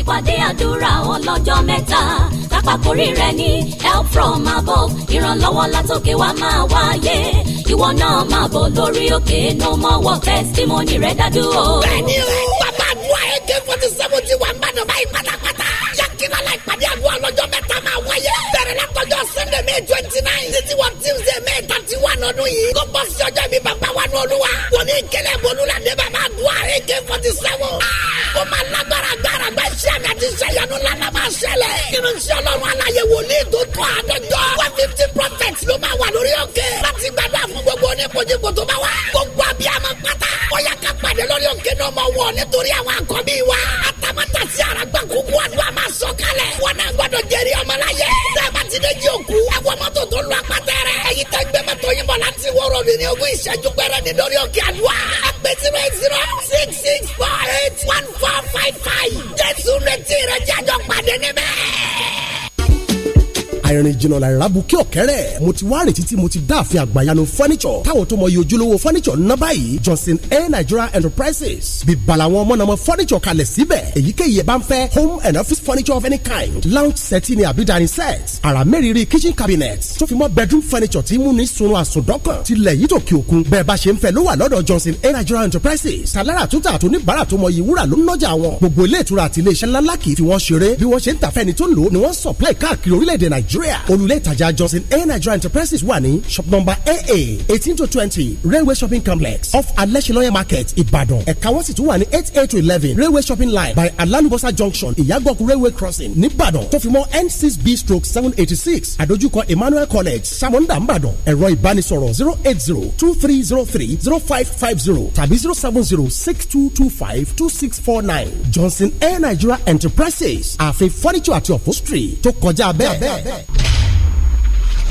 ìpàdé àdúrà ọlọ́jọ́ mẹ́ta tápàkórí rẹ̀ ní help from above ìrànlọ́wọ́ látòkè wá máa wáyé ìwọ náà máa bọ̀ lórí òkè no more war testimony rẹ̀ dájú o. bẹ́ẹ̀ni o bàbá àdúrà ak forty seven ti wà ń bá dọ̀bá yìí pátápátá yakina la ìpàdé àdúrà ọlọ́jọ́ mẹ́ta máa wáyé bẹ̀rẹ̀ látọjọ́ sunday may twenty nine títí wọ tuesday may thirty one ọdún yìí kó bọ́ sí ọjọ́ ìbí bàbá wa nù olúwa wọ́n ní ìkẹlẹ̀ bọ́lú la dé bàbá àdúrà ak forty seven. Ah! kó máa lágbára agbára gbé sí àmì àti sẹ́yẹnu lánàá máa ṣẹlẹ̀. nínú iṣẹ́ ọlọ́run aláyẹ wòlíì tó tọ́ àdọ́jọ́. one fifty prophet ló máa wà lórí òkè. láti gbàdúrà fún gbogbo oníkojúko tó bá wà. gbogbo abiyamọ pátá. ọ̀yà ká pàdé lórí òkè náà mọ̀ wọ̀ nítorí àwọn àkọ́bí wa. àtàmọ́tà sí àràgbà kúkú àdúrà máa sọ kalẹ̀. wọn náà gbọ́dọ̀ jẹ́rí ọmọláyé. sábà ti dé jí òkú. àwọn mọ́tò tó lu apátẹ́rẹ́. èyí tẹ́ gbẹ́mọ́ tó yín bọ̀ láti wọ́rọ̀ mi ní ogún ìṣẹ́jú pẹ́rẹ́ ní lórí òkè àdúrà. àpètí rẹ̀ zero six six four eight one four four five five. jésù retí rẹ jájọ pàdé níbẹ̀ àìrìn jìnnà làrá bukí ọ̀kẹ́rẹ́ mo ti wá retí tí mo ti dá àfin àgbàyanu furniture táwọn tó mọ iye ojúlówó furniture ná báyìí Johnson A Nigeria Enterprises bíbá làwọn mọ̀nàmọ́ furniture kalẹ̀ síbẹ̀ èyíkéyìí ẹ̀ bá ń fẹ́ home and office furniture of any kind lounge set ni àbí dining set àrà mẹ́rìírí kitchen cabinet tó fi mọ́ bedroom furniture tí mú ní sunun àsùndọ́kàn tilẹ̀ yìí tó kí òkun bẹ́ẹ̀ bá ṣe ń fẹ́ ló wà lọ́dọ̀ Johnson A Nigeria Enterprises tàlára tó tà tó níbàárà tó mọ iye wúrà ló ń nọ́jà wọn gbogbo ilé ìtura àti ilé iṣẹ́ ńláńlá kì í fi wọ́n ṣeré bí wọ́n ṣe ń tàfẹ́ni tó lò ó ni wọ́n supply káàkiri orílẹ̀-èdè Nàìj nàìjíríà olùlé ìtajà johnson air nigeria enterprises wà ní shop number aa eighteen to twenty railway shopping complex off alẹ́sìnlọ́yẹ̀ market ìbàdàn ẹ̀ka wọ́n sì tún wà ní eight eight to eleven railway shopping line by alalubosa junction ìyàgòkú railway crossing nìbàdàn tó fi mọ́ n six b stroke seven eighty six àdójúkọ emmanuel college samonda nìbàdàn ẹ̀rọ ìbánisọ̀rọ̀ zero eight zero two three zero three zero five five zero tàbí zero seven zero six two two five two six four nine johnson air nigeria enterprises àfi fọ́nìṣọ́ àti upholstery tó kọjá bẹ́ẹ̀.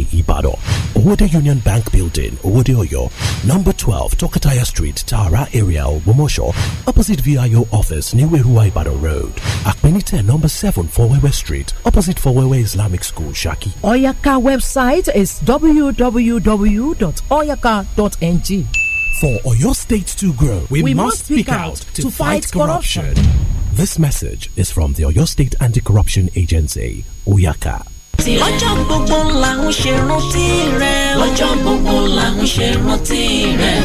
Ibadan. Owode Union Bank Building, Owode Oyo. Number 12, Tokataya Street, Tara area, Womosho. Opposite VIO office, New Ibadan Road. Akpenite, number 7, Fowewe Street. Opposite Fowewe Islamic School, Shaki. Oyaka website is www.oyaka.ng. For Oyo State to grow, we, we must speak out to, to fight, fight corruption. corruption. This message is from the Oyo State Anti Corruption Agency, Oyaka. rántí rẹ̀. lọ́jọ́ gbogbo là ń ṣe rántí rẹ̀. lọ́jọ́ gbogbo là ń ṣe rántí rẹ̀.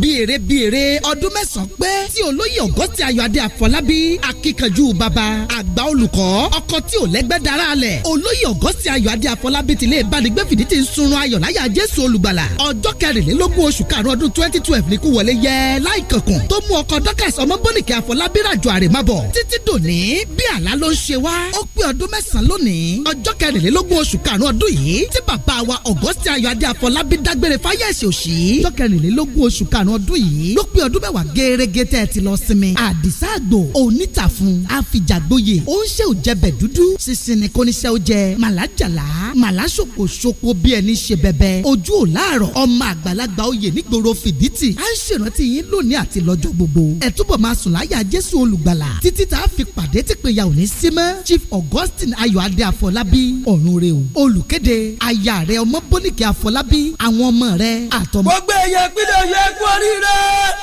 Bèrè bèrè ọdún mẹ́sàn-án pé tí olóyè ọ̀gọ́tì Ayọ̀adé Àfọlábí akíkanjú bàbá àgbà olùkọ́ ọkọ tí ò lẹ́gbẹ́ dára alẹ̀ olóyè ọ̀gọ́tì Ayọ̀adé Àfọlábí tilé ìbánigbé fìdí ti ń sunrun ayọ̀ láyà Jésù olùgbàlà ọjọ́ kẹrìnlélógún oṣù karùn-ún ọdún twenty twelve ni kú wọlé yẹ láìkankan tó mú ọkọ Dorcas Ọmọbọ́nìkẹ́ Àfọlábí ràjò àrèmábọ̀ títí dòní bí àlá ló ń ṣe wá ó pé kọkànlélógún oṣù karùn-ún ọdún yìí tí bàbá wa Augustine Ayọ̀adé Afọlábí dágbére fáyẹ̀sì òṣì jọkẹrìnlélógún oṣù karùn-ún ọdún yìí ló pé ọdún mẹ́wàá gẹ́rẹ́gẹ́ tẹ́ ẹ ti lọ sinmi àdìsá àgbò onítàfún àfijàgbóye ó ń ṣe òjẹbẹ dúdú sísìn ni kò ní ṣe ó jẹ màlájàlá màláṣoko ṣoko bí ẹni ṣe bẹbẹ ojú ò láàrọ̀ ọmọ àgbàlagbà oyè nígboro fìdítì à ń ṣèrántí yín lónìí àti lọ́jọ́ gbogbo ẹ túbọ̀ máa sùn láyà Jésù olùgbàlà títí tá a fi pàdé tí pé ya ò ní sí mọ́ Chief Augustine Ayọ̀adé Afọlábí ọ̀ ọ̀run rẹ o olùkéde aya rẹ ọmọ bóníkì àfọlábí àwọn ọmọ rẹ àtọmọ. gbogbo èèyàn ìpínlẹ̀ ọ̀yọ́ ẹ̀kú oríire.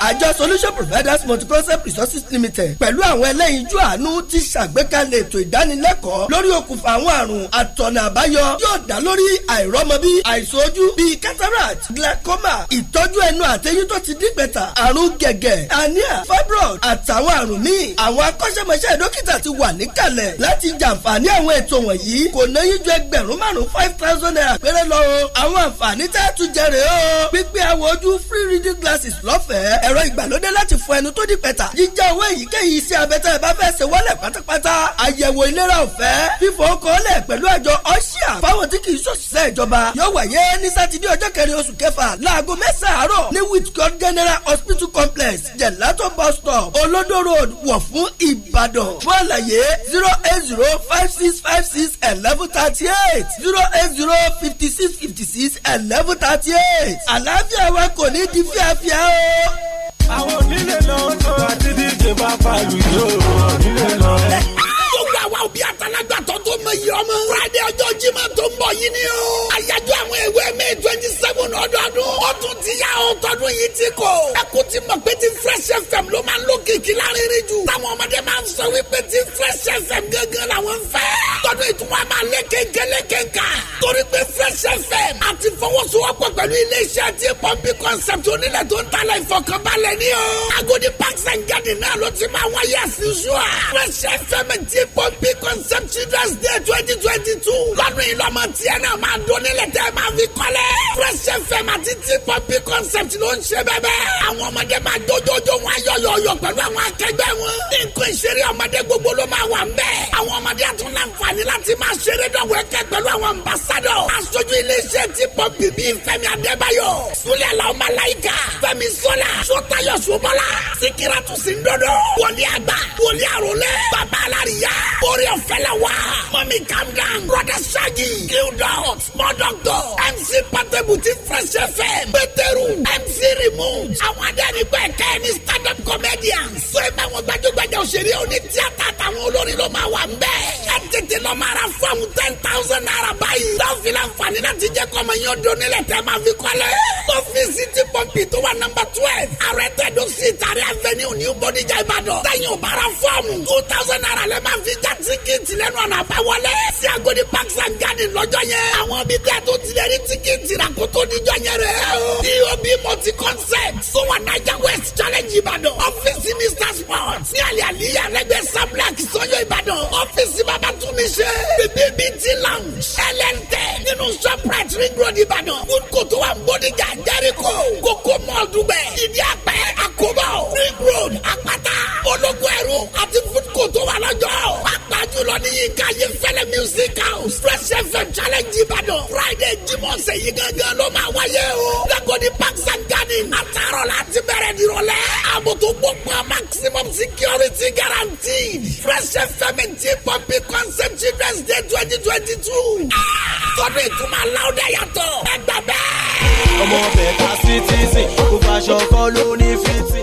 àjọ solution providers multi-concept resources limited pẹ̀lú àwọn ẹlẹ́yinjú àánú ti ṣàgbékalẹ̀ ètò ìdánilẹ́kọ̀ọ́ lórí okùnfà àwọn àrùn àtọ̀nà àbáyọ yóò dá lórí àìrọ́mọbí àìsàn ojú bíi cataract glaucoma ìtọ́jú ẹnu àtẹyín tó ti dígbẹ̀ta àrùn gẹ̀gẹ̀ ania fibroid àtàwọn àrùn míì àwọn akọ́ṣẹ́mọṣẹ́ dókítà ti wà níkàlẹ̀ láti jàǹfààní àwọn ètò wọ̀nyí kò náyìn ju ẹgbẹ̀rún márùn-ún five thousand naira péré lọ o. àwọn àǹfààní tẹ́ tún jẹrè o. pípé àwọ̀ ojú free reading glasses lọ́fẹ̀ẹ́ ẹ̀rọ ìgbàlódé láti fọ ẹnu tó di pẹ̀tà. jíjẹ́ owó èyíkéyìí iṣẹ́ abẹ tẹ́ ẹ bá fẹ́ ṣe wọlé pátápátá. àyẹ̀wò ìlera ọ̀fẹ́ fífọ kọ́lẹ̀ pẹ̀lú àjọ ọ́ṣíà fáwọn tí kì í ṣòṣìṣẹ́ ìjọba yóò wáyé ní sátidé ọjọ́ kẹrin oṣù kẹfà láago mẹ́sàn-án àárọ̀ ní Whitcourt General Hospital Complex Jelato bus stop Olodo Road Ìwọ̀fún Ìbàdàn fún àlàyé zero eight zero five six five six eleven thirty thirty eight zero eight zero fifty six fifty six eleven thirty eight àlàáfíà wa kò ní di fíafíà o. àwọn onílé lọ sọ àti díje bá pàlù yóò onílé lọ. gbogbo àwa òbí àtàlágbà tó tó mọ iye ọmọ. friday ọjọ́ jimá tó ń bọ̀ bọ̀ yìí ni o. àyájọ́ àwọn ìwé mi twenty seven ọdọọdún. ó tún ti yá o tọdún yìí ti kò. ẹ kò ti mọ̀ pé ti fresh fm ló máa ń lo kìkì lárinrin jù. táwọn ọmọdé máa ń sọ wípé ti fresh fm gángan làwọn ń fẹ́. tọdún ìtumọ̀ máa lé kéńké lé kéńká. torí pé fresh fm a ti fọwọ́sowọ́pọ̀ pẹ̀lú iléeṣẹ́ ti pọ́ǹpì concept onílẹ̀ tó ń talẹ̀ ìfọkànbalẹ̀ ni o. agodi parks and garden náà ló ti máa wáyé àṣìṣú à. fresh fm ti pọ́ǹpì concept children's day twenty twenty two lọ́dún ìlọ́mọ tiẹ̀ na ma dún nílẹ̀ tẹ́ máa fi kọ́lé. fresh fm àti tipopi concept ló ń ṣe bẹ́ẹ̀ bẹ́ẹ̀. àwọn ọmọdé máa jójójó wọn ayọ̀yọ̀yọ̀ pẹ̀lú àwọn akẹgbẹ́ wọn. ní nǹkan ìṣeré ọmọdé gbogbo ló máa wà ń bẹ́ẹ̀. àwọn ọmọdé àtún láǹfààní láti máa ṣeré dọ̀wẹ́kẹ́ pẹ̀lú àwọn ambassadọ̀. aṣojú iléeṣẹ́ tipopi bíi Fẹ́mi Adébáyọ̀ Súlẹ̀ làwọn malayika Fẹ́mi Sọ́lá Sọ́tayọ̀ Sọ́bọ́lá Síkírátù Síndọ́dọ̀ wòlíì àgbà wòlíì àròlé bàbá alárìíyá orí ọ̀fẹ́ la wà mọ́mí calm down brother Ṣáàgì Down, Small Doctor, MC Patebu ti Fresh FM, Peteru, MC Remote, àwọn adẹ́rìnbẹ́ ẹ̀kẹ́ ni stand-up comedians. Sọ ẹ̀ máa wọ́n gbajúgbajà òṣèré oní tíátà àtàwọn olórin ló máa wà ń bẹ̀. Ẹ tètè lọ máa ra fọ́ọ̀mù ten thousand naira báyìí. Láfi láǹfààní láti jẹ́ kọ́mọ yín ọdún nílẹ̀ tẹ́ máa fi kọ́lẹ̀. Ọ́fíìsì ti pọ́ǹpì tó wà nọ́mbà twelve. Ààrẹ tẹ̀dó sí ìtàrí avenue New Bodija Ìbàdàn. Sẹ́yìn ò bára fọ́ọ̀mù two thousand naira lẹ́ máa fi já tíkẹ́ẹ̀tì lẹ́nu ọ̀nà àbáwọlé. Sí Agodi Parks and Garden níjọ yẹn. àwọn bíi bí a tó ti lè rí tíkẹ́ẹ̀tì rà kó tó níjọ yẹn rẹ̀ o. dob multi concept sowa naija west challenge ìbàdàn. ọ́fíìsì mr sports ní àlẹ́ àlíyà rẹ̀gbẹ́ sablak sọ́yọ́ ìbàdàn. ọ́fíìsì babatunmi ṣe. bèbè bíi ti lounge lnt nínú shoprite ring road ìbàdàn. food court wa ń bọ́díjà jẹ́ríkò. kókó mall dùgbẹ̀. ìdí àpẹ́ àkóbọ̀. ring road àpáta. ológun ẹ̀rú àti food court wa lọ́jọ́. pàápàá jùlọ ní yín ká yẹ fẹ́lẹ́ music house fresh venture challenge ìbàdàn friday jímọ̀ ṣe yìí gangan ló máa wáyé o. lagodi parks and garden àtàrọ̀ láti bẹ̀rẹ̀ nírọ̀lẹ́. àbùtù gbogbo maximum security guarantee. fresh fmnt pompe concept children's day twenty twenty two. Ah! tọ́dún ìtumọ̀ aláwọ̀dẹ yàtọ̀ ẹgbẹ́ bẹ́ẹ̀. ọmọ bẹ̀ka citizen kò fàṣọ kọ́ ló ní fìtì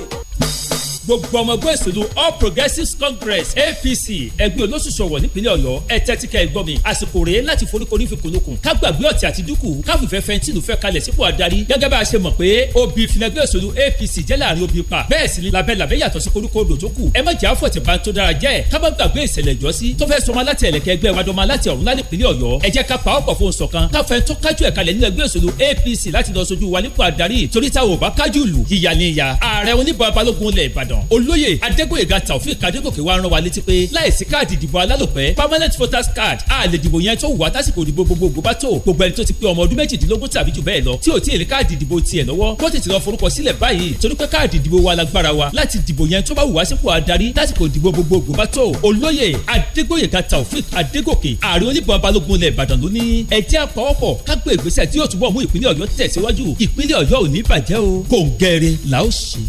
gbogbo ọmọgbọ́n ìṣèlú all progressives congress apc ẹgbẹ́ olóṣùṣọ̀wọ̀ nípínlẹ̀ ọ̀yọ́ ẹ tẹ́tí ká ẹ gbọ́ mi àsìkò rèé láti foríkorí fi kùnùkùn ká gbàgbé ọ̀tí àti dúkù káfífẹ́ fẹ́ntínù fẹ́ kalẹ̀ sípò adarí gẹ́gẹ́ bá a ṣe mọ̀ pé obì ìfìlẹ̀gbẹ́ ìṣèlú apc jẹ́ láàrin obì pa bẹ́ẹ̀ sì ni labẹ́labẹ́ yàtọ̀ sí koríko odò tó kù ẹ má jẹ́ àfọ̀tì bá tó dára jẹ́ ká má gbàgbé ìṣẹ̀lẹ̀ ìjọsí tó fẹ́ sọmọ láti ẹ̀lẹ́kẹ́ ẹgbẹ́ wa dọ́mọ láti ọ̀run láti ìpínlẹ̀ ọ̀yọ́ ẹ jẹ́ ká pa ọ̀pọ̀ fún ṣọ̀kan ká fẹ́ tó kájú ẹ̀ kalẹ̀ nínú ẹgbẹ́ ìṣèlú apc láti lọ sojú wa nípò adarí torí táwọn ò bá kájú lù yíyà ni ìyà ààrẹ oníbọ̀ balógun ilẹ̀ ìbàd ìbàdàn olóyè adégbòyèga taofik adégòkè wa rán wa létí pé láìsí káàdì ìdìbò alálòpẹ́ permanent voters card a lè dìbò yẹn tó wù wá tásìkò ìdìbò gbogbogbò bá tó gbogbo ẹni tó ti pé ọmọ ọdún méjìdínlógún tàbí jù bẹ́ẹ̀ lọ tí ò tí ì ní káàdì ìdìbò tiẹ̀ lọ́wọ́ kó tètè lọ forúkọ sílẹ̀ báyìí torí pé káàdì ìdìbò wa lágbára wa láti dìbò yẹn tó bá wù wá sípò adarí tásìkò ìdìbò gbogbogbò bá tó olóyè adégbòyèga taofik adégòkè ààrẹ oníbọn balógun ilẹ̀ ìbàdàn ló ní ẹ jẹ́ àpawọ́pọ̀ ká gbé ìgbésẹ̀ tí yóò túbọ̀ mú ìpínlẹ̀ ọ̀yọ́ tẹ̀síwájú ìpínlẹ̀ ọ̀yọ́ ò bàjẹ́ o kòǹgẹ́rẹ́ làó ṣe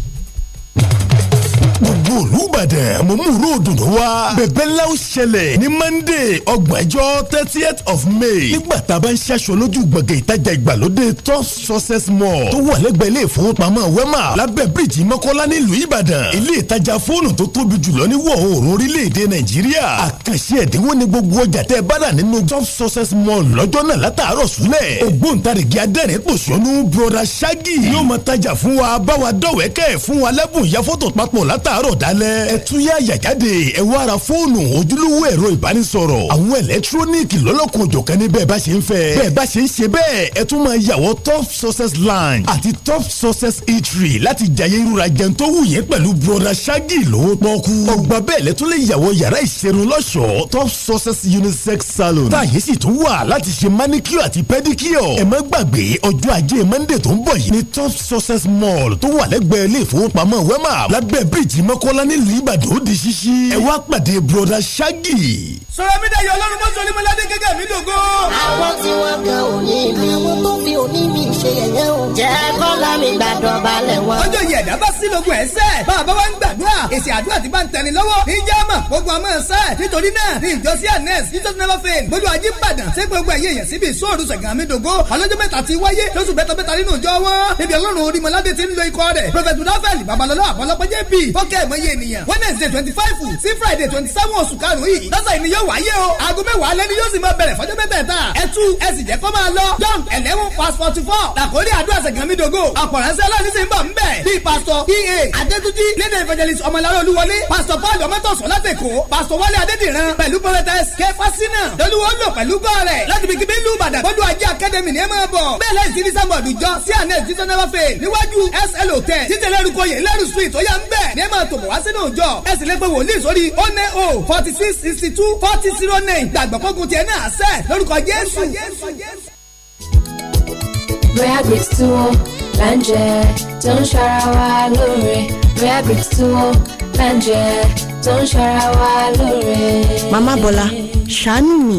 gbogbo olùbàdàn mo mú ròdù ló wá. bẹ̀bẹ̀ ńlá ṣẹlẹ̀ ní monday ọgbọ̀njọ́ thirtieth of may nígbà tá a bá ń ṣaṣọ lójú gbọ̀ngàn ìtajà ìgbàlódé top success mall tó wà lẹ́gbẹ̀ẹ́ ilé ìfowópamọ́ wema lábẹ́ bíríìjì mọ́kọ́lá nílùú ìbàdàn ilé ìtajà fóònù tó tóbi jùlọ ní wọ̀ oòrùn orílẹ̀-èdè nàìjíríà àkànṣe ẹ̀dínwó ni gbogbo ọjà tẹ́ bá rà nínú top success mall lọ́jọ́ náà látàárọ̀ súnlẹ̀ ògbóǹtarìgì adẹ́rìn pòṣónú broda shaggy yóò máa tajà fún wa bá wa dọ̀wẹ́kẹ̀ látàárọ̀ dalẹ́ ẹ tún yá yàjáde ẹ wá ara fóònù ojúlówó ẹ̀rọ ìbánisọ̀rọ̀ àwọn ẹlẹtírónìkì lọ́lọ́kùn òjọ̀kan ní bẹ́ẹ̀ bá ṣe ń fẹ́ bẹ́ẹ̀ bá ṣe ń ṣe bẹ́ẹ̀ ẹ tún máa yàwọ̀ top success lounge àti top success eatery láti jàyè irúra jẹun tó wù yẹn pẹ̀lú broda shaggy lówó pọ́kú pedicure ẹ má gbàgbé ọjọ́ ajé monday tó ń bọ̀ yìí ní top success mall tó wà lẹ́gbẹ̀ẹ́ ilé ìfowópamọ́ wema lábẹ́ bíj ti mọ́kọ́lá nílùú ìbàdàn ó di ṣíṣí ẹ wá pàdé broda ṣáàgì. sọ̀rọ̀ mi dayọ̀ ọlọ́run mọ́tò onímọ̀ládé gẹ́gẹ́ mi lògo. àwọn tí wọ́n kan òní mi àwọn tó fi òní mi ṣe yẹ̀yẹ́ o. jẹ́ kọ́lá mi gbàdọ̀ balẹ̀ wọn. ọjọ́ yìí ẹ̀dá bá sí lógun ẹ̀sẹ̀ bàbá wa ń gbàdúrà èsì àdúrà ti bá ń tẹ̀lé lọ́wọ́ ní jẹ́mà gbogbo àmọ́ ẹ̀sẹ̀ nítorí náà ní ìjọ sí kẹ́ ẹ̀mọ́yé ènìyàn wednesday twenty five sí friday twenty seven oṣù karùn-ún yìí lọ́sẹ̀ ìní yóò wáyé o aago mẹ́wàá lẹ́ni yóò sì máa bẹ̀rẹ̀ fọ́jọ́ mẹ́tẹ̀ẹ̀ta ẹ tú ẹ sì jẹ́ kó máa lọ john eleven past forty four làkórí àdúrà sẹ̀gànmídógó àpọ̀rẹ́sẹ̀ lọ́ọ̀ni sì ń bọ̀ ńbẹ̀ bíi pastor ea adétúnjì lédè evangelist ọmọlára olúwọlé pastor paul ọmọtọ̀sán látẹ̀kọ́ pastor wálé adédìran pẹ̀lú prophetess kẹfàsínà lọ́lúwọ́ lò pẹ̀lú gọ́ọ̀rẹ̀ láti fi kíbi ìlú ìbàdàn bọ́dù ajé academy ní ẹ máa bọ̀ bẹ́ẹ̀ lẹ́yìn sí december ọdún jọ sí àná ìdíjọ́ náà fẹ́ níwájú slo ten títẹ̀lẹ́rù kọyẹ̀ lẹ́rù street ó yà ń bẹ̀ ní ẹ má máa tò bọ̀ wá sínú òòjọ́ ẹ sì lè pe wòlíì sórí one o oh forty six sixty two forty zero nine gbàgbọ́kógun tiẹ̀ náà sẹ́ẹ̀ lórúkọ Jésù. bóyá tí wọ́n là ń jẹ tó ń ṣara wa lóore bóyá tí wọ́n là ń jẹ tó ń ṣara wa lóore. màmá Bọ́lá ṣàánú mi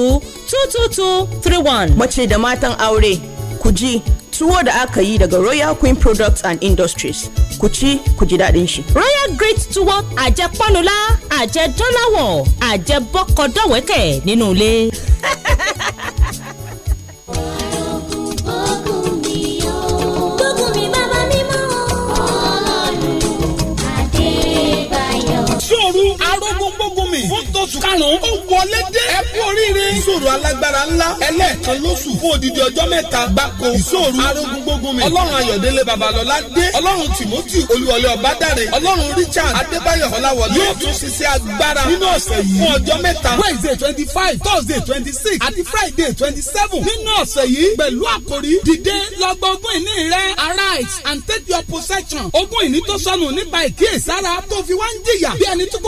two two two three one. Mace da matan aure ku ji tuwo da aka yi daga Royal Queen Products and Industries. Ku ci ku ji daɗin shi. Royal Great Tuwo àjẹ pánulá àjẹ dọ́làwọ̀ àjẹ bọ́kọ dọ̀wẹ́kẹ̀ nínú ilé. arógún gbogbo tóṣù karùn-ún ó wọlé dé ẹ kú oríire. ìṣòro alágbára ńlá ẹlẹ́ẹ̀kan lóṣù fún odidi ọjọ́ mẹ́ta gbáko ìṣòro arógun gbógun mi ọlọ́run ayọ̀délé babalọ́lá dé ọlọ́run timothy olúwọlé ọ̀bádàrẹ ọlọ́run richard adébáyọ̀ ọ̀làwọlé yóò tún ṣiṣẹ́ agbára nínú ọ̀sẹ̀ yìí fún ọjọ́ mẹ́ta wednesday twenty five thursday twenty six àti friday twenty seven nínú ọ̀sẹ̀ yìí pẹ̀lú àkòrí dìde lọ́gbọ̀ọ́gùn ìní rẹ arise and take your possession ogún ìní tó sọnù nípa ìkíyèsára tó fi wá ń jìyà bí ẹni tí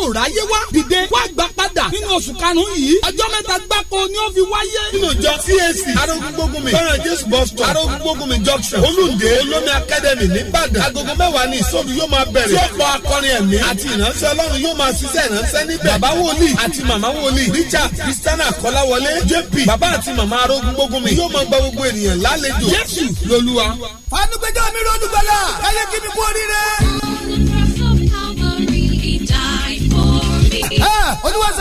padà nínú oṣù karùn-ún yìí ọjọ́ mẹ́ta gbáko ni ó fi wáyé. nínú ìjọ CAC arógúngbógunmi fẹ́ràn Jésù bus stop arógúngbógunmi junction olùdé olómi academy nìbàdàn agogo mẹ́wàá ní ìsọdù yóò máa bẹ̀rẹ̀ tí ọ̀pọ̀ akọrin ẹ̀mí àti ìránṣẹ́ ọlọ́run yóò máa ṣiṣẹ́ ìránṣẹ́ níbẹ̀ bàbá wòlíì àti màmá wòlíì Richard Christiana Kọ́láwọlé JP bàbá àti màmá arógúngbógunmi yóò máa gba gbogbo ènìyàn lálejò Jésù lolúwa. fanugbẹjọ mi ronú gbọlá ẹ Ah, what olúwa ṣe